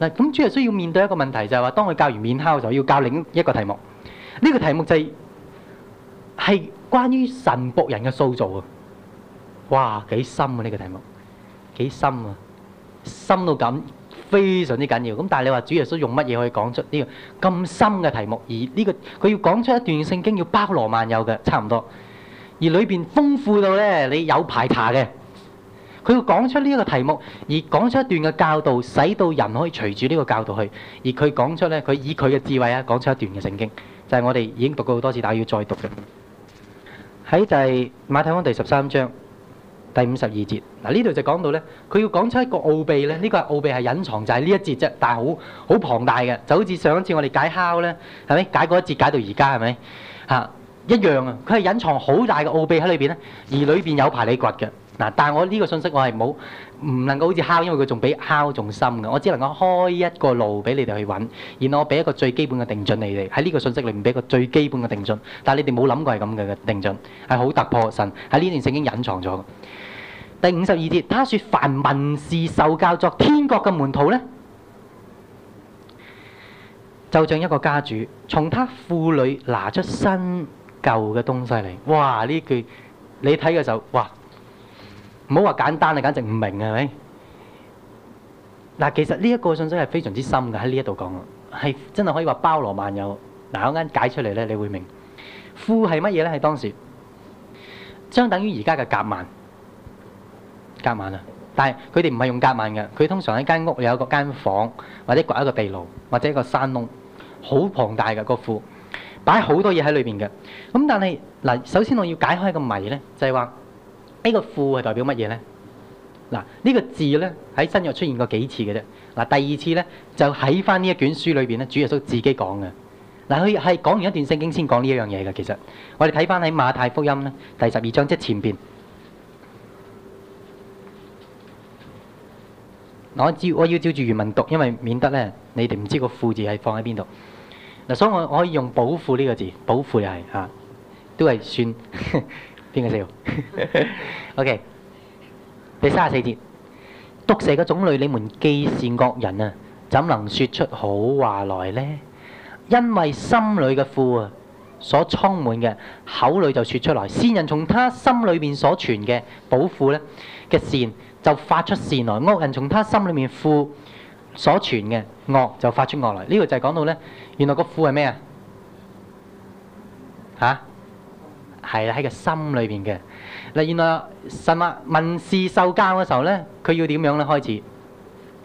嗱，咁主要需要面對一個問題，就係話當佢教完面烤嘅時候，就要教另一一個題目。呢個題目就係係關於神僕人嘅塑造啊！哇，幾深啊！呢個題目幾深啊，深到咁。非常之緊要咁，但係你話主耶穌用乜嘢可以講出呢個咁深嘅題目？而呢、呢個佢要講出一段聖經，要包羅萬有嘅，差唔多。而裏邊豐富到咧，你有排查嘅。佢要講出呢一個題目，而講出一段嘅教導，使到人可以隨住呢個教導去。而佢講出咧，佢以佢嘅智慧啊，講出一段嘅聖經，就係、係、我哋已經讀過好多次，但係要再讀嘅。喺就係馬太福音第十三章。第五十二節嗱，呢度就講到呢，佢要講出一個奧秘呢。呢、呢個奧秘係隱藏，就係呢一節啫，但係好好龐大嘅，就好似上一次我哋解酵呢，係咪解過一節解到而家係咪嚇一樣啊？佢係隱藏好大嘅奧秘喺裏邊呢，而裏邊有排你掘嘅嗱。但係我呢個信息我係冇唔能夠好似酵，因為佢仲比酵仲深嘅，我只能夠開一個路俾你哋去揾。然後我俾一個最基本嘅定準你哋，喺呢個信息裏面俾一個最基本嘅定準，但係你哋冇諗過係咁嘅嘅定準係好突破嘅神，喺呢段聖經隱藏咗。第五十二節，他說：凡民事受教作天國嘅門徒呢，就像一個家主，從他庫裏拿出新舊嘅東西嚟。哇！呢句你睇嘅時候哇，唔好話簡單啊，簡直唔明係咪？嗱，其實呢一個信息係非常之深嘅，喺呢一度講，係真係可以話包羅萬有。嗱，我啱啱解出嚟呢，你會明。庫係乜嘢呢？喺當時將等於而家嘅夾萬。隔晚啊，但係佢哋唔係用隔晚嘅，佢通常喺間屋裡有一個間房，或者掘一個地牢，或者一個山窿，好龐大嘅個庫，擺好多嘢喺裏邊嘅。咁但係嗱，首先我要解開一個謎咧，就係話呢個庫係代表乜嘢咧？嗱、這、呢個字咧喺新約出現過幾次嘅啫。嗱，第二次咧就喺翻呢一卷書裏邊咧，主耶穌自己講嘅。嗱，佢係講完一段聖經先講呢一樣嘢嘅。其實我哋睇翻喺馬太福音咧第十二章，即係前邊。我照我要照住原文讀，因為免得咧你哋唔知個「庫」字係放喺邊度。嗱，所以我可以用寶庫呢個字，寶庫又係啊，都係算邊個詞 <laughs> ？O.K. 第三十四節：毒蛇嘅種類，你們既善惡人啊，怎能説出好話來呢？因為心裏嘅庫啊，所充滿嘅口裏就説出來。善人從他心裏面所存嘅寶庫咧嘅善。就發出善來，惡人從他心裏面富所存嘅惡就發出惡來。呢個就係講到咧，原來個富係咩啊？嚇，係喺個心裏邊嘅。嗱，原來神話文士受教嘅時候咧，佢要點樣咧開始？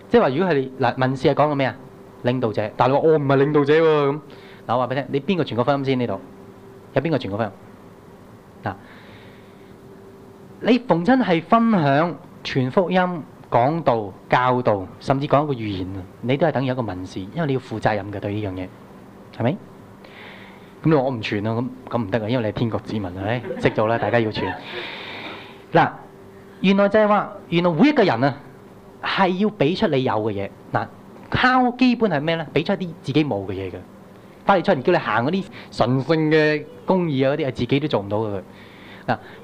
即係話，如果係嗱，文士係講到咩啊？領導者，但係你話我唔係領導者喎，咁嗱，我話俾你聽，你邊個傳過福音先？呢度有邊個傳過福音嗱？你逢親係分享。傳福音、講道、教導，甚至講一個語言啊，你都係等於一個民事，因為你要負責任嘅對呢樣嘢，係咪？咁你話我唔傳啦，咁咁唔得啊，因為你係天國之民，係咪？識做啦，大家要傳。嗱、啊，原來就係話，原來每一個人啊，係要俾出你有嘅嘢。嗱、啊，靠，基本係咩咧？俾出一啲自己冇嘅嘢嘅。反而出人叫你行嗰啲神聖嘅公義啊，嗰啲係自己都做唔到嘅。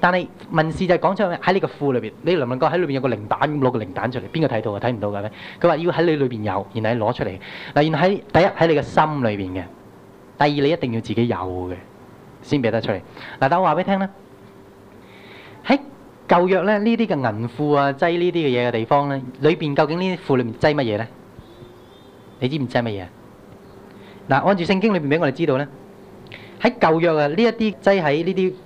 但係文士就係講出嚟喺你個庫裏邊，你能唔能夠喺裏邊有個零蛋攞個零蛋出嚟？邊個睇到啊？睇唔到㗎咩？佢話要喺你裏邊有，然後攞出嚟。嗱，然喺第一喺你嘅心裏邊嘅，第二你一定要自己有嘅先俾得出嚟。嗱，但我話俾你聽咧，喺舊約咧呢啲嘅銀庫啊，擠呢啲嘅嘢嘅地方咧，裏邊究竟這些庫裏面什麼呢啲庫裏面擠乜嘢咧？你知唔知係乜嘢？嗱，按住聖經裏邊俾我哋知道咧，喺舊約啊呢一啲擠喺呢啲。這些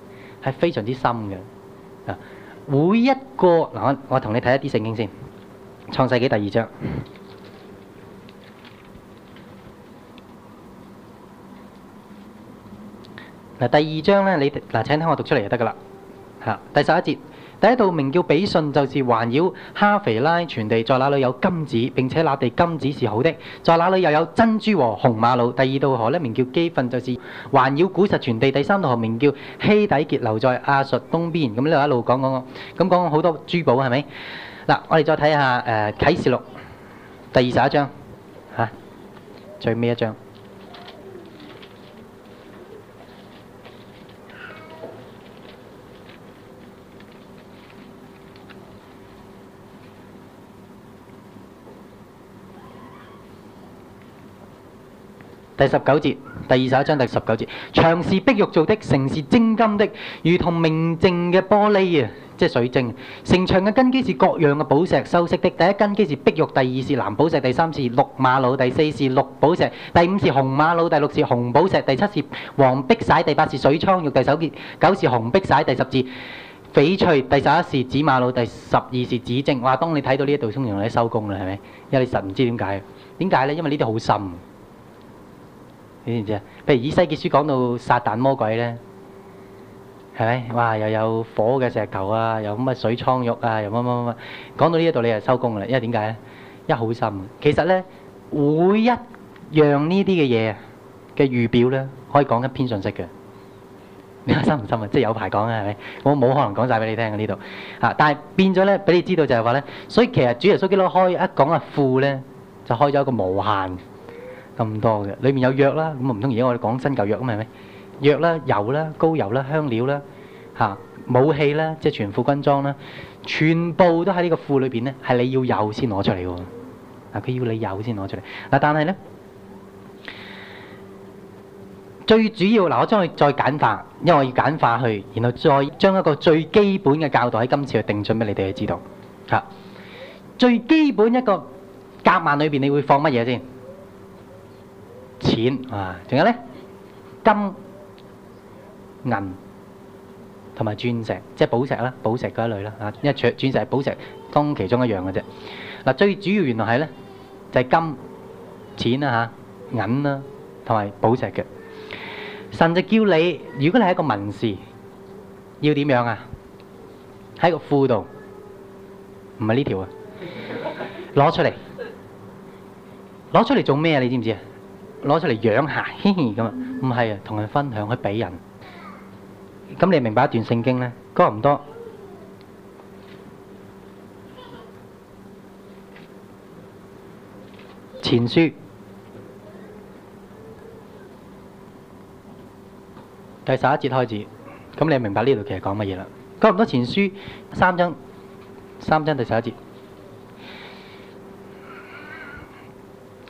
係非常之深嘅，啊，每一個嗱，我我同你睇一啲聖經先，《創世紀》第二章。嗱，第二章咧，你嗱，請聽我讀出嚟就得噶啦。好，第十一節。第一道名叫比遜，就是環繞哈腓拉全地，在那裏有金子，並且那地金子是好的，在那裏又有珍珠和紅瑪瑙。第二道河呢，名叫基訓，就是環繞古實全地。第三道河名叫希底結流，留在亞述東邊。咁呢度一路講講咁講，咁講好多珠寶係咪？嗱，我哋再睇下啟示錄第二十一章、吓、最尾一章。第十九節，第二十一章第十九節，牆是碧玉做的，城是精金的，如同明淨嘅玻璃啊，即係水晶。城牆嘅根基是各樣嘅寶石修飾的，第一根基是碧玉，第二是藍寶石，第三是綠瑪瑙，第四是綠寶石，第五是紅瑪瑙，第六是紅寶石，第七是黃碧璽，第八是水蒼玉，第九九是紅碧璽，第十是翡翠，第十一是紫瑪瑙，第十二是紫晶。哇，當你睇到呢一度，通常你收工啦，係咪？因為你實唔知點解，點解呢？因為呢啲好深。你知唔知啊？譬如以西結書講到撒旦魔鬼咧，係咪？哇！又有火嘅石頭啊，又乜水蒼玉啊，又乜乜乜乜，講到呢一度你就收工啦。因為點解咧？因為好深。其實咧，每一樣呢啲嘅嘢嘅預表咧，可以講一篇信息嘅。你話深唔深啊？即係有排講啊，係咪？我冇可能講曬俾你聽嘅呢度嚇。但係變咗咧，俾你知道就係話咧，所以其實主耶穌基督開一講啊父咧，就開咗一個無限。咁多嘅，裏面有藥啦，咁啊唔通而家我哋講新舊藥咁係咪？藥啦、油啦、膏油啦、香料啦，嚇武器啦，即係全副軍裝啦，全部都喺呢個庫裏邊咧，係你要有先攞出嚟嘅喎。嗱，佢要你有先攞出嚟。嗱，但係咧，最主要嗱，我將佢再簡化，因為我要簡化去，然後再將一個最基本嘅教導喺今次去定準俾你哋去知道。嚇，最基本一個夾萬裏邊，你會放乜嘢先？錢啊，仲有咧金銀同埋鑽石，即係寶石啦，寶石嗰一類啦啊，因為鑽鑽石係寶石當其中一樣嘅啫。嗱，最主要原來係咧就係金錢啦、嚇銀啦同埋寶石嘅。神就叫你，如果你係一個文士，要點樣啊？喺個庫度唔係呢條啊，攞出嚟，攞出嚟做咩啊？你知唔知啊？攞出嚟養下嘻嘻咁啊！唔係啊，同人分享去俾人。咁你明白一段聖經咧？哥林多前書第十一節開始，咁你明白呢度其實講乜嘢啦？哥林多前書三章三章，第十一節，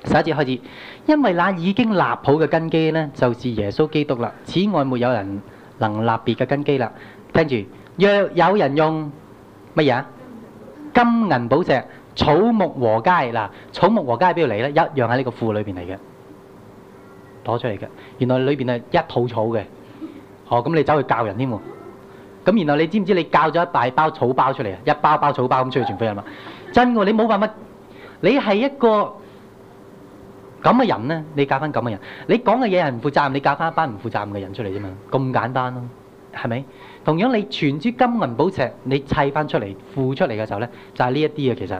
十一節開始。因為那已經立好嘅根基咧，就是耶穌基督啦。此外沒有人能立別嘅根基啦。聽住，若有人用乜嘢啊？金銀寶石、草木禾秸嗱，草木禾秸喺邊度嚟咧？一樣喺呢個庫裏邊嚟嘅，攞出嚟嘅。原來裏邊係一肚草嘅。哦，咁你走去教人添喎。咁然後你知唔知你教咗一大包草包出嚟啊？一包包草包咁出去傳福音啊？真嘅，你冇辦法，你係一個。咁嘅人呢，你教翻咁嘅人，你講嘅嘢係唔負責任，你教翻一班唔負責任嘅人出嚟啫嘛，咁簡單咯，啊，係咪？同樣你全支金銀寶石，你砌翻出嚟，付出嚟嘅時候呢，就係呢一啲嘅其實。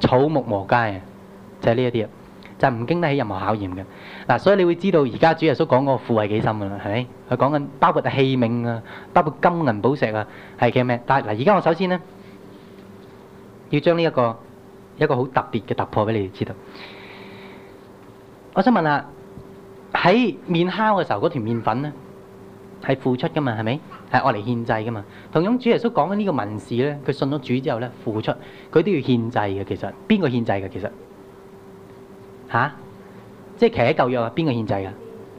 草木禾稭啊，就係呢一啲啊，就唔、係、經得起任何考驗嘅。嗱、啊，所以你會知道而家主耶穌講個富係幾深噶啦，係咪？佢講緊包括器皿啊，包括金銀寶石啊，係嘅咩？但係嗱，而、啊、家我首先咧要將呢、這個、一個一個好特別嘅突破俾你哋知道。我想問下喺面烤嘅時候嗰條麵粉咧？係付出噶嘛，係咪係愛嚟獻祭噶嘛？同樣主耶穌講緊呢個文士咧，佢信咗主之後咧，付出，佢都要獻祭嘅。其實邊個獻祭嘅？其實吓、啊？即係騎喺舊約啊，邊個獻祭噶？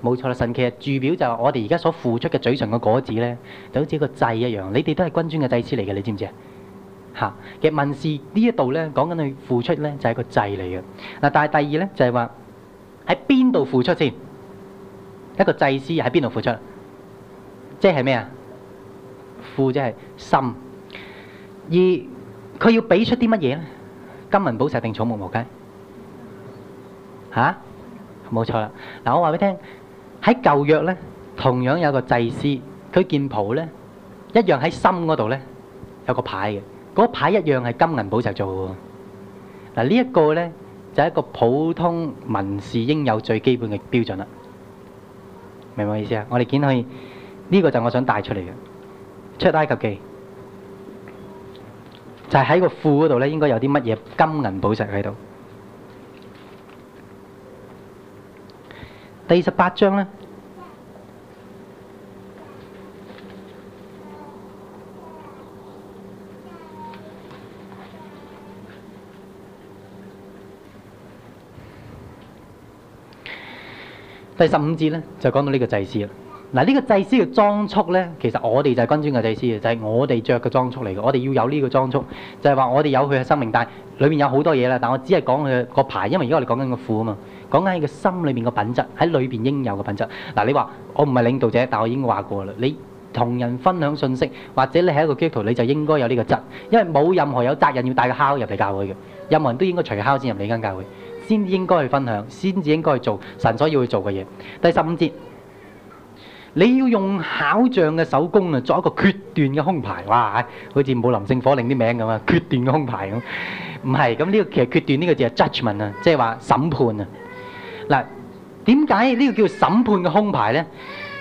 冇錯啦，神奇啊！住表就係我哋而家所付出嘅嘴唇嘅果子咧，就好似個祭一樣。你哋都係君尊嘅祭司嚟嘅，你知唔知啊？嚇，其實文士呢一度咧，講緊佢付出咧就係個祭嚟嘅嗱。但係第二咧，就係話喺邊度付出先，一個祭司喺邊度付出？即係咩啊？富即係心。而佢要俾出啲乜嘢咧？金銀寶石定草木禾稭？嚇？冇錯啦。嗱，我話俾你聽，喺舊約咧，同樣有個祭司，佢件袍咧，一樣喺心嗰度咧有個牌嘅，嗰牌一樣係金銀寶石做嘅。嗱，呢一個咧就一個普通民事應有最基本嘅標準啦。明唔明我意思啊？我哋見去。呢個就我想帶出嚟嘅《出埃及記》，就係喺個庫嗰度咧，應該有啲乜嘢金銀寶石喺度。第二十八章咧，第十五節咧，就講到呢個祭司啦。嗱，呢個祭司嘅裝束呢，其實我哋就係君尊嘅祭司，就係我哋着嘅裝束嚟嘅，我哋要有呢個裝束，就係話我哋有佢嘅生命，但係裏面有好多嘢啦。但我只係講佢個牌，因為而家我哋講緊個褲啊嘛，講緊佢心裏面嘅品質，喺裏面應有嘅品質。嗱，你話我唔係領導者，但我已經話過啦，你同人分享信息，或者你係一個基督徒，你就應該有呢個質，因為冇任何有責任要帶個敲入嚟教會嘅，任何人都應該除個敲先入嚟間教會，先應該去分享，先至應該去做，神所要去做嘅嘢。第十五節。你要用巧匠嘅手工啊，作一個決斷嘅胸牌，哇！好似武林聖火令啲名咁啊，決斷嘅胸牌咁。唔係，咁呢個其實決斷呢個字係 judgement 啊，即係話審判啊。嗱，點解呢個叫審判嘅胸牌咧？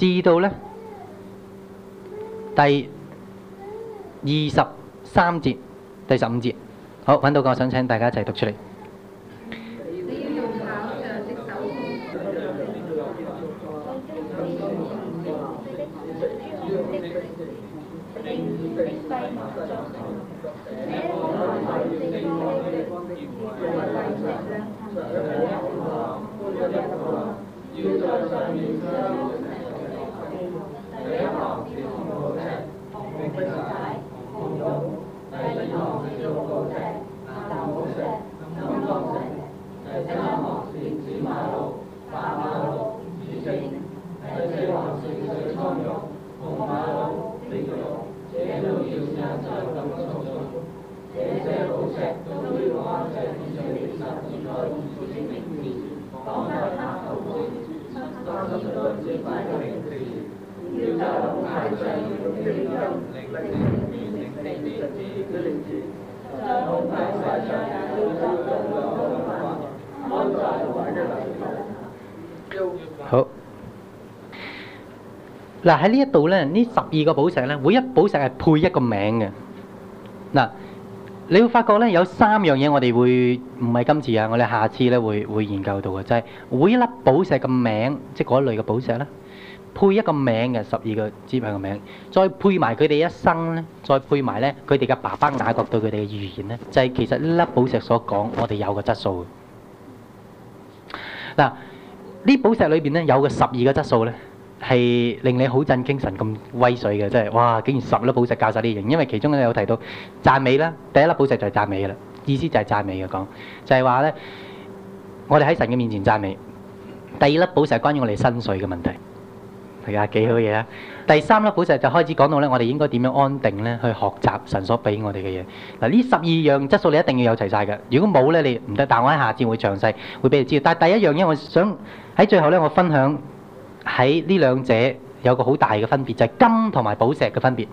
至到咧第二十三節，第十五節，好揾到個，我想請大家一齊讀出嚟。嗱喺呢一度咧，呢十二個寶石咧，每一寶石係配一個名嘅。嗱，你會發覺咧，有三樣嘢我哋會唔係今次啊，我哋下次咧會會研究到嘅，就係每一粒寶石嘅名，即係嗰類嘅寶石咧，配一個名嘅十二個支派嘅名，再配埋佢哋一生咧，再配埋咧佢哋嘅爸爸雅各對佢哋嘅預言咧，就係其實呢粒寶石所講，我哋有個質素嘅。嗱，呢寶石裏邊咧有個十二個質素咧。係令你好震驚神咁威水嘅，即係哇！竟然十粒寶石教曬啲人，因為其中咧有提到讚美啦。第一粒寶石就係讚美嘅啦，意思就係讚美嘅講，就係話咧，我哋喺神嘅面前讚美。第二粒寶石係關於我哋薪水嘅問題，係啊，幾好嘢啊！第三粒寶石就開始講到咧，我哋應該點樣安定咧？去學習神所俾我哋嘅嘢嗱。呢十二樣質素你一定要有齊曬嘅，如果冇咧你唔得。但係我喺下節會詳細會俾你知。但係第一樣嘢我想喺最後咧，我分享。喺呢兩者有個好大嘅分別，就係金同埋寶石嘅分別。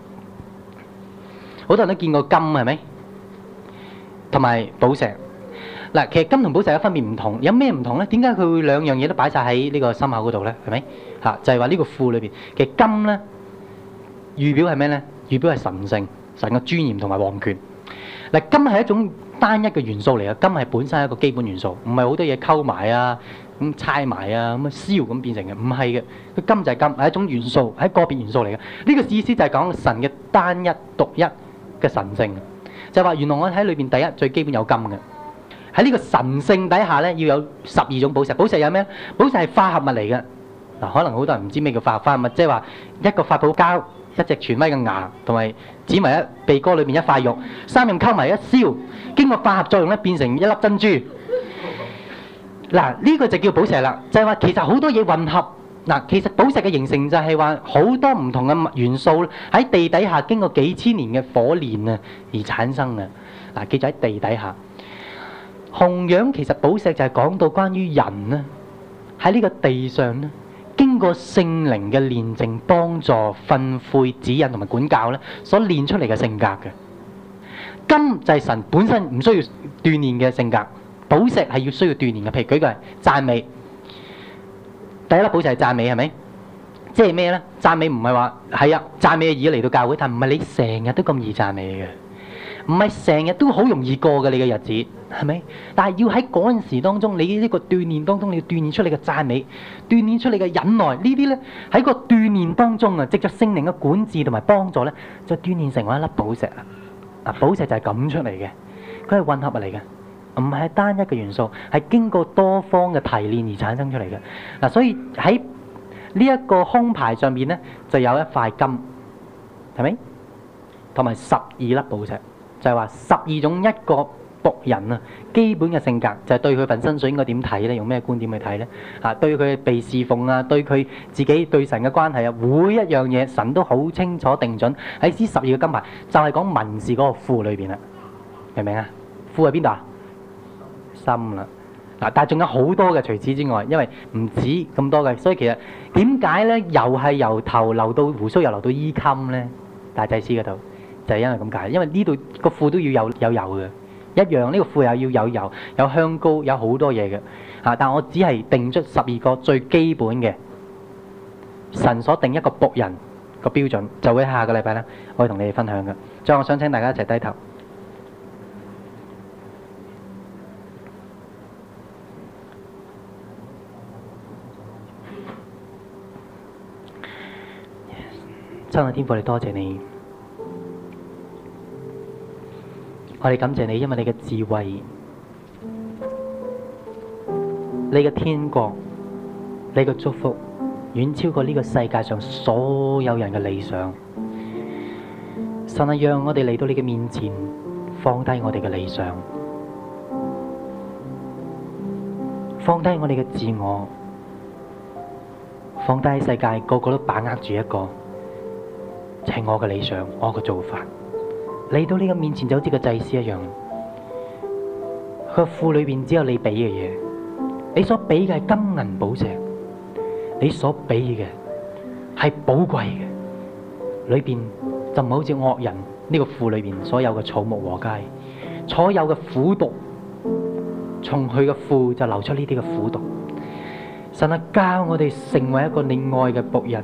好多人都見過金，係咪？同埋寶石。嗱，其實金同寶石嘅分別唔同，有咩唔同咧？點解佢會兩樣嘢都擺曬喺呢個心口嗰度咧？係咪？嚇，就係話呢個庫裏邊嘅金咧，預表係咩咧？預表係神性、神嘅尊嚴同埋王權。嗱，金係一種單一嘅元素嚟嘅，金係本身係一個基本元素，唔係好多嘢溝埋啊。咁砌埋啊，咁啊燒咁變成嘅，唔係嘅，佢金就係金，係一種元素，係個別元素嚟嘅。呢個意思就係講神嘅單一獨一嘅神性，就話原來我喺裏邊第一最基本有金嘅。喺呢個神性底下咧，要有十二種寶石。寶石有咩咧？寶石係化合物嚟嘅。嗱，可能好多人唔知咩叫化合化合物，即係話一個發泡膠、一隻全麥嘅牙同埋指埋一鼻哥裏面一塊肉，三樣溝埋一燒，經過化合作用咧，變成一粒珍珠。嗱，呢個就叫寶石啦，就係話其實好多嘢混合。嗱，其實寶石嘅形成就係話好多唔同嘅物元素喺地底下經過幾千年嘅火煉啊而產生啊。嗱，記住喺地底下。紅氧其實寶石就係講到關於人咧，喺呢個地上咧，經過聖靈嘅煉淨、幫助、訓悔、指引同埋管教咧，所練出嚟嘅性格嘅金就係神本身唔需要鍛鍊嘅性格。寶石係要需要鍛煉嘅，譬如舉個例子，讚美第一粒寶石係讚美係咪？即係咩咧？讚美唔係話係啊，讚美嘅意義嚟到教會，但唔係你成日都咁易讚美嘅，唔係成日都好容易過嘅你嘅日子係咪？但係要喺嗰陣時當中，你呢個鍛煉當中，你要鍛煉出你嘅讚美，鍛煉出你嘅忍耐，呢啲咧喺個鍛煉當中啊，藉着聖靈嘅管治同埋幫助咧，就鍛煉成為一粒寶石啊！嗱，寶石就係咁出嚟嘅，佢係混合物嚟嘅。唔係單一嘅元素，係經過多方嘅提煉而產生出嚟嘅。嗱，所以喺呢一個胸牌上面咧，就有一塊金，係咪？同埋十二粒寶石，就係話十二種一個僕人啊，基本嘅性格就係對佢份薪水應該點睇咧？用咩觀點去睇咧？啊，對佢被侍奉啊，對佢自己對神嘅關係啊，每一樣嘢神都好清楚定準喺呢十二個金牌，就係講文字嗰個富裏邊啦。明唔明啊？富喺邊度啊？心啦，嗱，但係仲有好多嘅，除此之外，因為唔止咁多嘅，所以其實點解咧，又係由頭流到鬍鬚，又流到衣襟咧？大祭司嗰度就係、是、因為咁解，因為呢度個褲都要有有油嘅，一樣呢、這個褲又要有油、有香膏、有好多嘢嘅嚇。但我只係定出十二個最基本嘅神所定一個僕人個標準，就會下個禮拜咧，我可以同你哋分享嘅。所以我想請大家一齊低頭。神啊，天父，你多謝你，我哋感謝你，因為你嘅智慧，你嘅天國，你嘅祝福遠超過呢個世界上所有人嘅理想。神啊，讓我哋嚟到你嘅面前，放低我哋嘅理想，放低我哋嘅自我，放低世界，個個都把握住一個。係我嘅理想，我嘅做法。嚟到呢個面前就好似個祭司一樣，佢個庫裏邊只有你俾嘅嘢。你所俾嘅係金銀寶石，你所俾嘅係寶貴嘅。裏邊就唔好似惡人呢，這個庫裏邊所有嘅草木禾稭，所有嘅苦毒，從佢嘅庫就流出呢啲嘅苦毒。神啊，教我哋成為一個另外嘅僕人。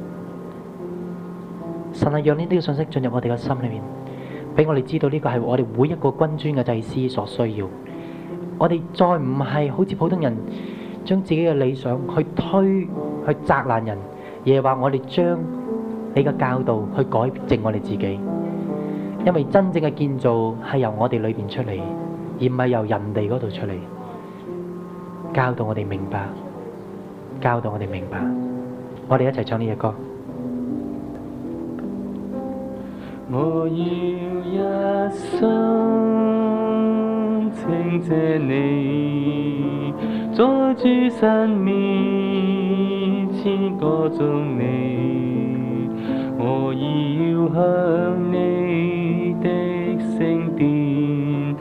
神係讓呢啲信息進入我哋嘅心裏面，俾我哋知道呢個係我哋每一個君尊嘅祭司所需要。我哋再唔係好似普通人，將自己嘅理想去推去責難人，而係話我哋將你嘅教導去改正我哋自己。因為真正嘅建造係由我哋裏邊出嚟，而唔係由人哋嗰度出嚟。教導我哋明白，教導我哋明白，我哋一齊唱呢個歌。我要一生稱謝你，在諸神面前歌頌你，我要向你的聖殿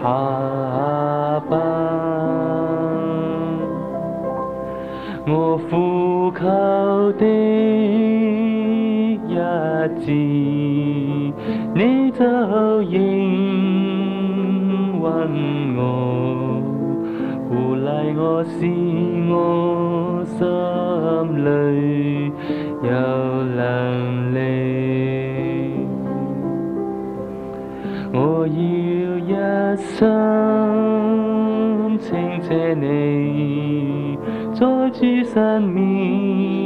下拜，我呼求的。一字，你就應允我，鼓勵我，使我心裏有能力，我要一生稱謝你，在諸神面。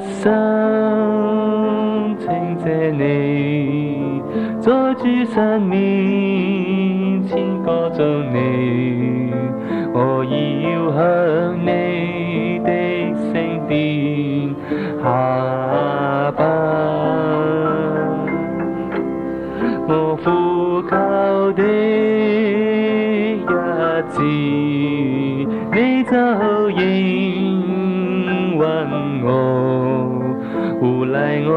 一生請謝你，托住上面經過着你，我要向你的聖殿下拜，我俯靠的。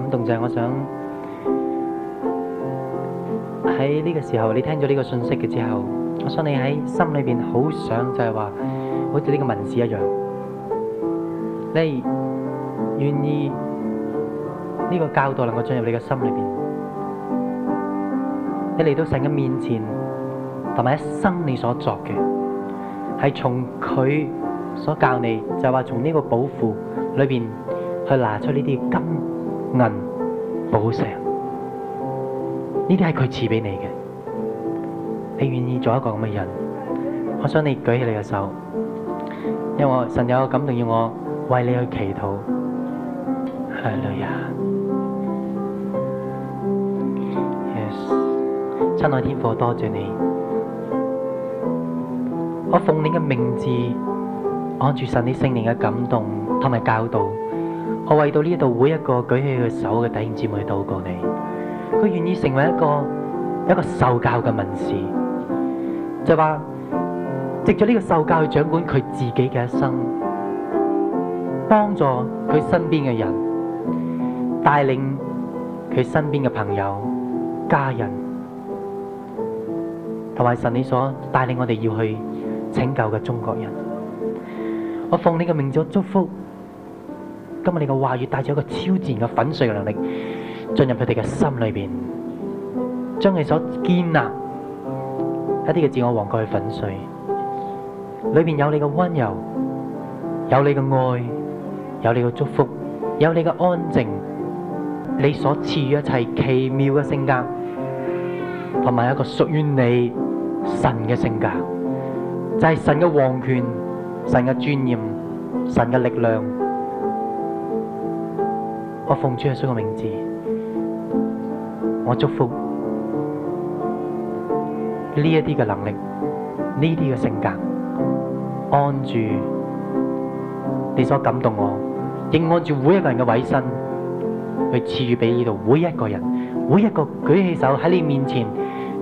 感動就係我想喺呢個時候，你聽咗呢個信息嘅之後，我想你喺心裏邊好想就係話，好似呢個文字一樣，你願意呢個教導能夠進入你嘅心裏邊，你嚟到神嘅面前，同埋一生你所作嘅係從佢所教你，就係話從呢個寶庫裏邊去拿出呢啲金。銀、寶石，呢啲係佢賜俾你嘅。你願意做一個咁嘅人？我想你舉起你嘅手，因為神有個感動要我為你去祈禱。阿、啊、女啊，Yes，親愛天父，多謝你，我奉你嘅名字，按住神啲聖靈嘅感動同埋教導。我為到呢度每一個舉起佢手嘅弟兄姊妹到過你，佢願意成為一個一個受教嘅文士，就話藉着呢個受教去掌管佢自己嘅一生，幫助佢身邊嘅人，帶領佢身邊嘅朋友、家人，同埋神你所帶領我哋要去拯救嘅中國人，我奉你嘅名作祝福。今日你嘅話語帶住一個超自然嘅粉碎嘅能力，進入佢哋嘅心裏邊，將你所艱難一啲嘅自我王國去粉碎。裏邊有你嘅温柔，有你嘅愛，有你嘅祝福，有你嘅安靜，你所賜予一切奇妙嘅性格，同埋一個屬於你神嘅性格，就係神嘅王權、神嘅尊嚴、神嘅力量。我奉主耶穌嘅名字，我祝福呢一啲嘅能力，呢啲嘅性格，按住你所感動我，亦按住每一個人嘅委身去賜予俾呢度每一個人，每一個舉起手喺你面前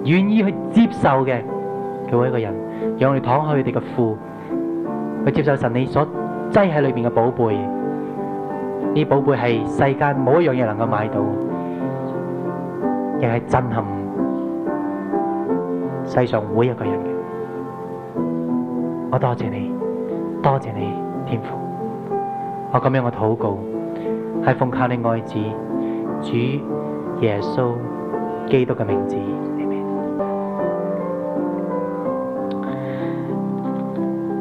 願意去接受嘅每一個人，讓你躺淌開佢哋嘅庫，去接受神你所擠喺裏面嘅寶貝。啲寶貝係世界冇一樣嘢，能夠買到，亦係震撼世上每一個嘅人嘅。我多謝你，多謝你天父。我咁樣嘅禱告係奉靠你愛子主耶穌基督嘅名字。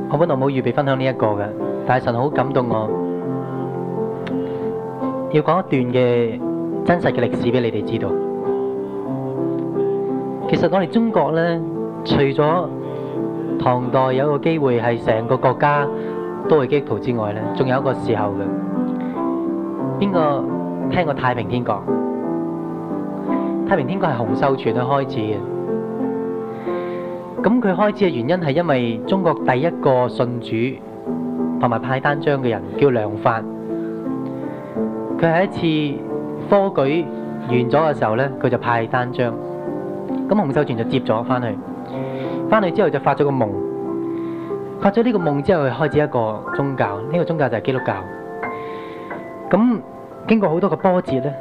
我本來冇預備分享呢一個嘅，但係神好感動我。要講一段嘅真實嘅歷史俾你哋知道。其實我哋中國咧，除咗唐代有個機會係成個國家都係基督徒之外咧，仲有一個時候嘅。邊個聽過太平天國？太平天國係洪秀全去開始嘅。咁佢開始嘅原因係因為中國第一個信主同埋派單張嘅人叫梁發。佢喺一次科舉完咗嘅時候咧，佢就派單張，咁洪秀全就接咗翻去，翻去之後就發咗個夢，發咗呢個夢之後，佢開始一個宗教，呢個宗教就係基督教。咁經過好多個波折咧，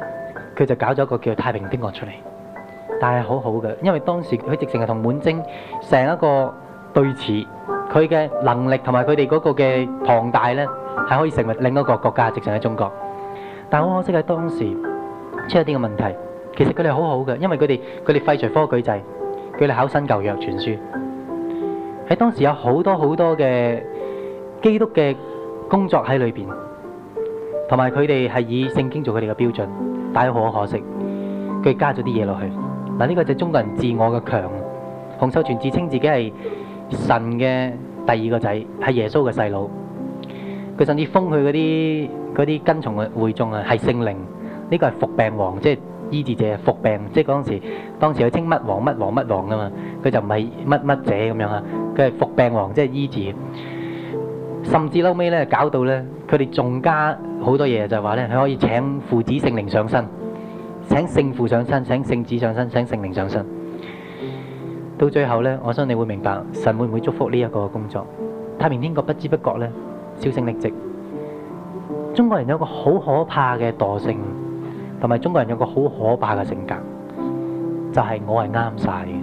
佢就搞咗個叫太平天國出嚟，但係好好嘅，因為當時佢直情係同滿徵成一個對峙，佢嘅能力同埋佢哋嗰個嘅龐大咧，係可以成為另一個國家，直情喺中國。但係好可惜喺當時出一啲嘅問題，其實佢哋好好嘅，因為佢哋佢哋廢除科舉制，佢哋考新舊約傳書。喺當時有好多好多嘅基督嘅工作喺裏邊，同埋佢哋係以聖經做佢哋嘅標準，但係好可惜，佢加咗啲嘢落去。嗱呢個就中國人自我嘅強，洪秀全自稱自己係神嘅第二個仔，係耶穌嘅細佬，佢甚至封佢嗰啲。嗰啲跟從嘅會眾啊，係聖靈，呢個係服病王，即係醫治者，服病，即係當時當時佢稱乜王乜王乜王噶嘛，佢就唔係乜乜者咁樣啊，佢係服病王，即係醫治。甚至後尾咧搞到咧，佢哋仲加好多嘢，就係話咧，佢可以請父子聖靈上身，請聖父上身，請聖子上身，請聖靈上身。到最後咧，我相信你會明白，神會唔會祝福呢一個工作？太平天國不知不覺咧，銷聲匿跡。中國人有個好可怕嘅惰性，同埋中國人有個好可怕嘅性格，就係、是、我係啱晒嘅，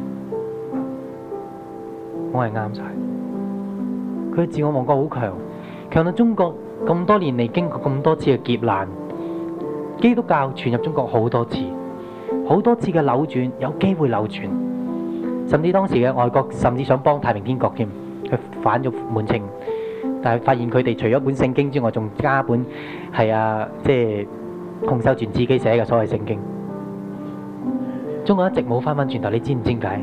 我係啱晒。佢自我望覺好強，強到中國咁多年嚟經過咁多次嘅劫難，基督教傳入中國好多次，好多次嘅扭轉有機會扭轉，甚至當時嘅外國甚至想幫太平天國添，佢反咗滿清。但係發現佢哋除咗一本聖經之外，仲加一本係啊，即係洪秀全自己寫嘅所謂聖經。中國一直冇翻翻轉頭，你知唔知點解？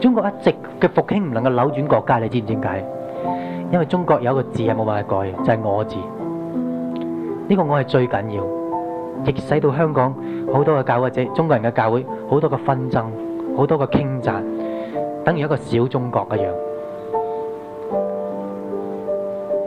中國一直嘅復興唔能夠扭轉國家，你知唔知點解？因為中國有一個字係冇辦法改嘅，就係我字。呢個我係最緊要，亦使到香港好多嘅教會或者中國人嘅教會，好多嘅紛爭，好多嘅傾贊，等於一個小中國一樣。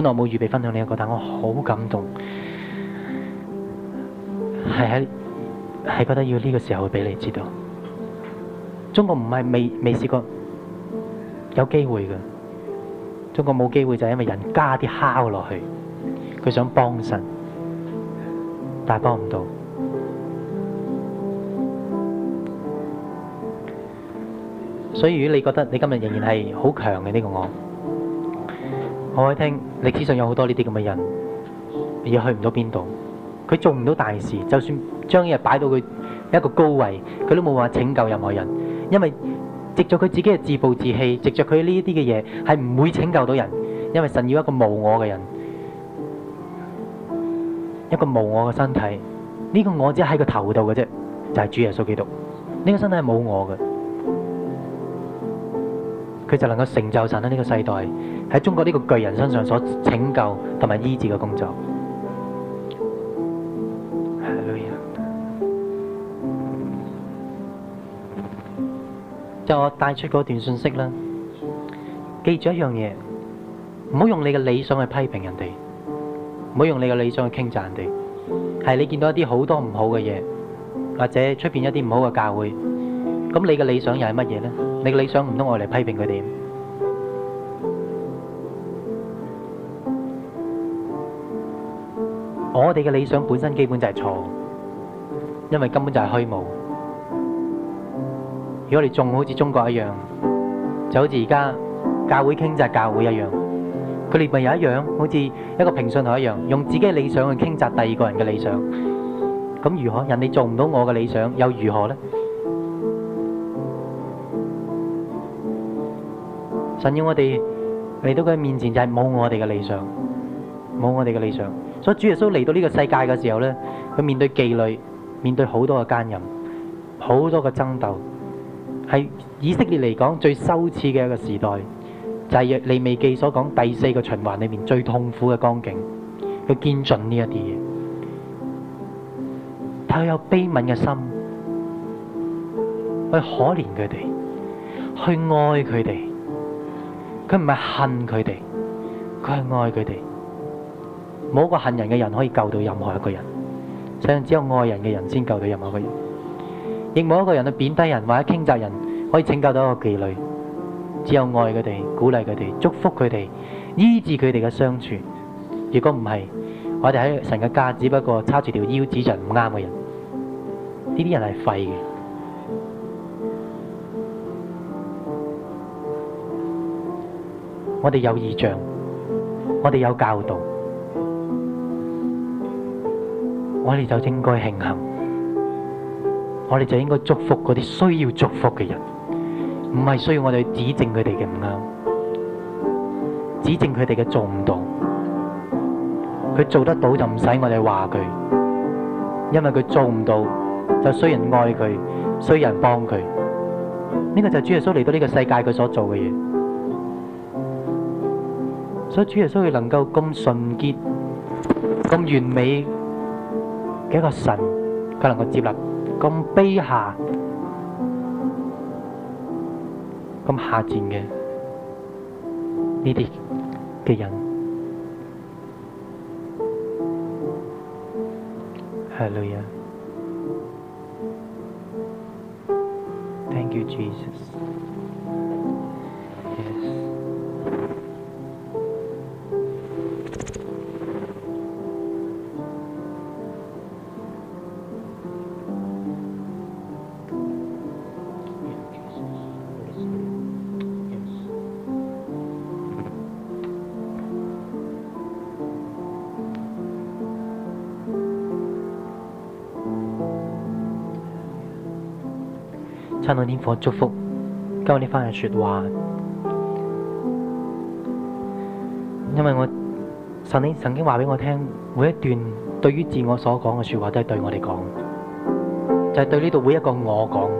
本來冇預備分享呢個，但係我好感動，係喺係覺得要呢個時候俾你知道。中國唔係未未試過有機會嘅，中國冇機會就係因為人加啲敲落去，佢想幫神，但係幫唔到。所以如果你覺得你今日仍然係好強嘅呢個我。我可以聽，歷史上有好多呢啲咁嘅人，而去唔到邊度。佢做唔到大事，就算將嘢擺到佢一個高位，佢都冇話拯救任何人，因為藉着佢自己係自暴自棄，藉着佢呢一啲嘅嘢係唔會拯救到人。因為神要一個無我嘅人，一個無我嘅身體，呢個我只係喺個頭度嘅啫，就係主耶穌基督，呢個身體係冇我嘅。佢就能夠成就神喺呢個世代喺中國呢個巨人身上所拯救同埋醫治嘅工作。就我帶出嗰段信息啦，記住一樣嘢，唔好用你嘅理想去批評人哋，唔好用你嘅理想去稱讚人哋。係你見到一啲好多唔好嘅嘢，或者出邊一啲唔好嘅教會，咁你嘅理想又係乜嘢呢？你理想唔通我嚟批評佢哋？我哋嘅理想本身基本就係錯，因為根本就係虛無。如果我哋仲好似中國一樣，就好似而家教會傾軋教會一樣，佢哋咪又一樣，好似一個平信徒一樣，用自己嘅理想去傾軋第二個人嘅理想，咁如何？人哋做唔到我嘅理想，又如何呢？只要我哋嚟到佢面前，就係冇我哋嘅理想，冇我哋嘅理想。所以主耶穌嚟到呢個世界嘅時候咧，佢面對妓女，面對好多嘅奸淫，好多嘅爭鬥，係以色列嚟講最羞恥嘅一個時代，就係約利未記所講第四個循環裏面最痛苦嘅光景，去堅進呢一啲嘢。但係佢有悲憫嘅心，去可憐佢哋，去愛佢哋。佢唔係恨佢哋，佢係愛佢哋。冇一個恨人嘅人可以救到任何一個人，所以只有愛人嘅人先救到任何一個人。亦冇一個人去貶低人或者傾責人，可以拯救到一個妓女。只有愛佢哋、鼓勵佢哋、祝福佢哋、醫治佢哋嘅傷處。如果唔係，我哋喺神嘅家只不過叉住條腰指住唔啱嘅人，呢啲人係廢嘅。我哋有異象，我哋有教導，我哋就應該慶幸，我哋就應該祝福嗰啲需要祝福嘅人，唔係需要我哋指正佢哋嘅唔啱，指正佢哋嘅做唔到，佢做得到就唔使我哋話佢，因為佢做唔到，就需人愛佢，需人幫佢，呢個就係主耶穌嚟到呢個世界佢所做嘅嘢。所以主係需要能夠咁純潔、咁完美嘅一個神，佢能夠接納咁卑下、咁下賤嘅呢啲嘅人。哈利路亞，Thank you, Jesus。聽到啲火祝福，跟住啲翻去說話，因為我神呢曾經話俾我聽，每一段對於自我所講嘅說話都係對我哋講，就係對呢度每一個我講。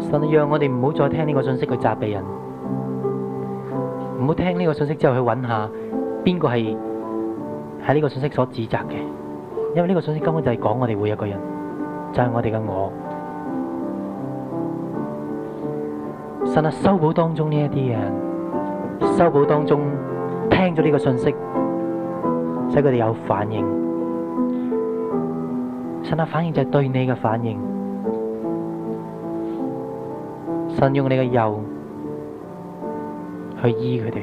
神讓我哋唔好再聽呢個信息去責備人，唔好聽呢個信息之後去揾下邊個係喺呢個信息所指責嘅，因為呢個信息根本就係講我哋每一個人。就係我哋嘅我，神啊，修補當中呢一啲人，修補當中聽咗呢個信息，使佢哋有反應。神啊，反應就係對你嘅反應，神用你嘅油去醫佢哋，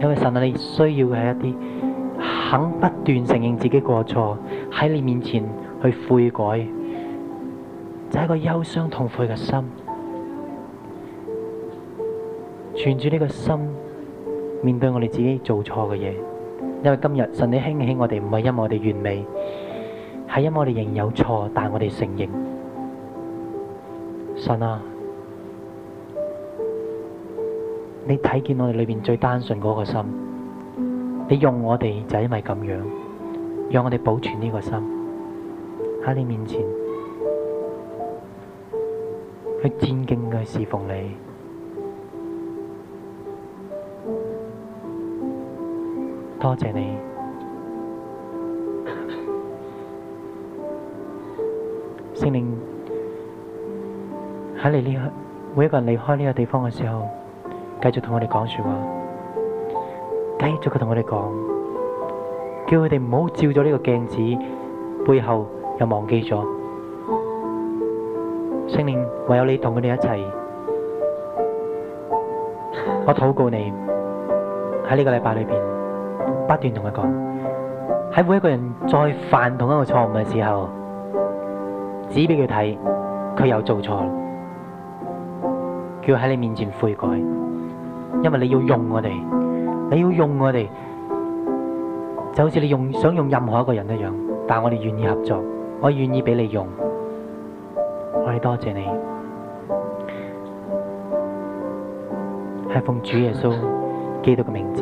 因為神啊，你需要嘅係一啲肯不斷承認自己過錯。喺你面前去悔改，就係一個憂傷痛悔嘅心，存住呢個心面對我哋自己做錯嘅嘢。因為今日神你興起我哋，唔係因為我哋完美，係因為我哋仍有錯，但我哋承認。神啊，你睇見我哋裏面最單純嗰個心，你用我哋就係因為咁樣。讓我哋保存呢個心喺你面前去尊敬佢侍奉你，多謝你，聖 <laughs> 靈，喺你離開，每一個人離開呢個地方嘅時候，繼續同我哋講說話，繼續佢同我哋講。叫佢哋唔好照咗呢個鏡子背後又忘記咗，聖靈唯有你同佢哋一齊，我禱告你喺呢個禮拜裏邊不斷同佢講，喺每一個人再犯同一個錯誤嘅時候，指俾佢睇佢又做錯，叫佢喺你面前悔改，因為你要用我哋，你要用我哋。就好似你用想用任何一個人一樣，但我哋願意合作，我願意畀你用，我哋多謝你，係奉主耶穌基督嘅名字。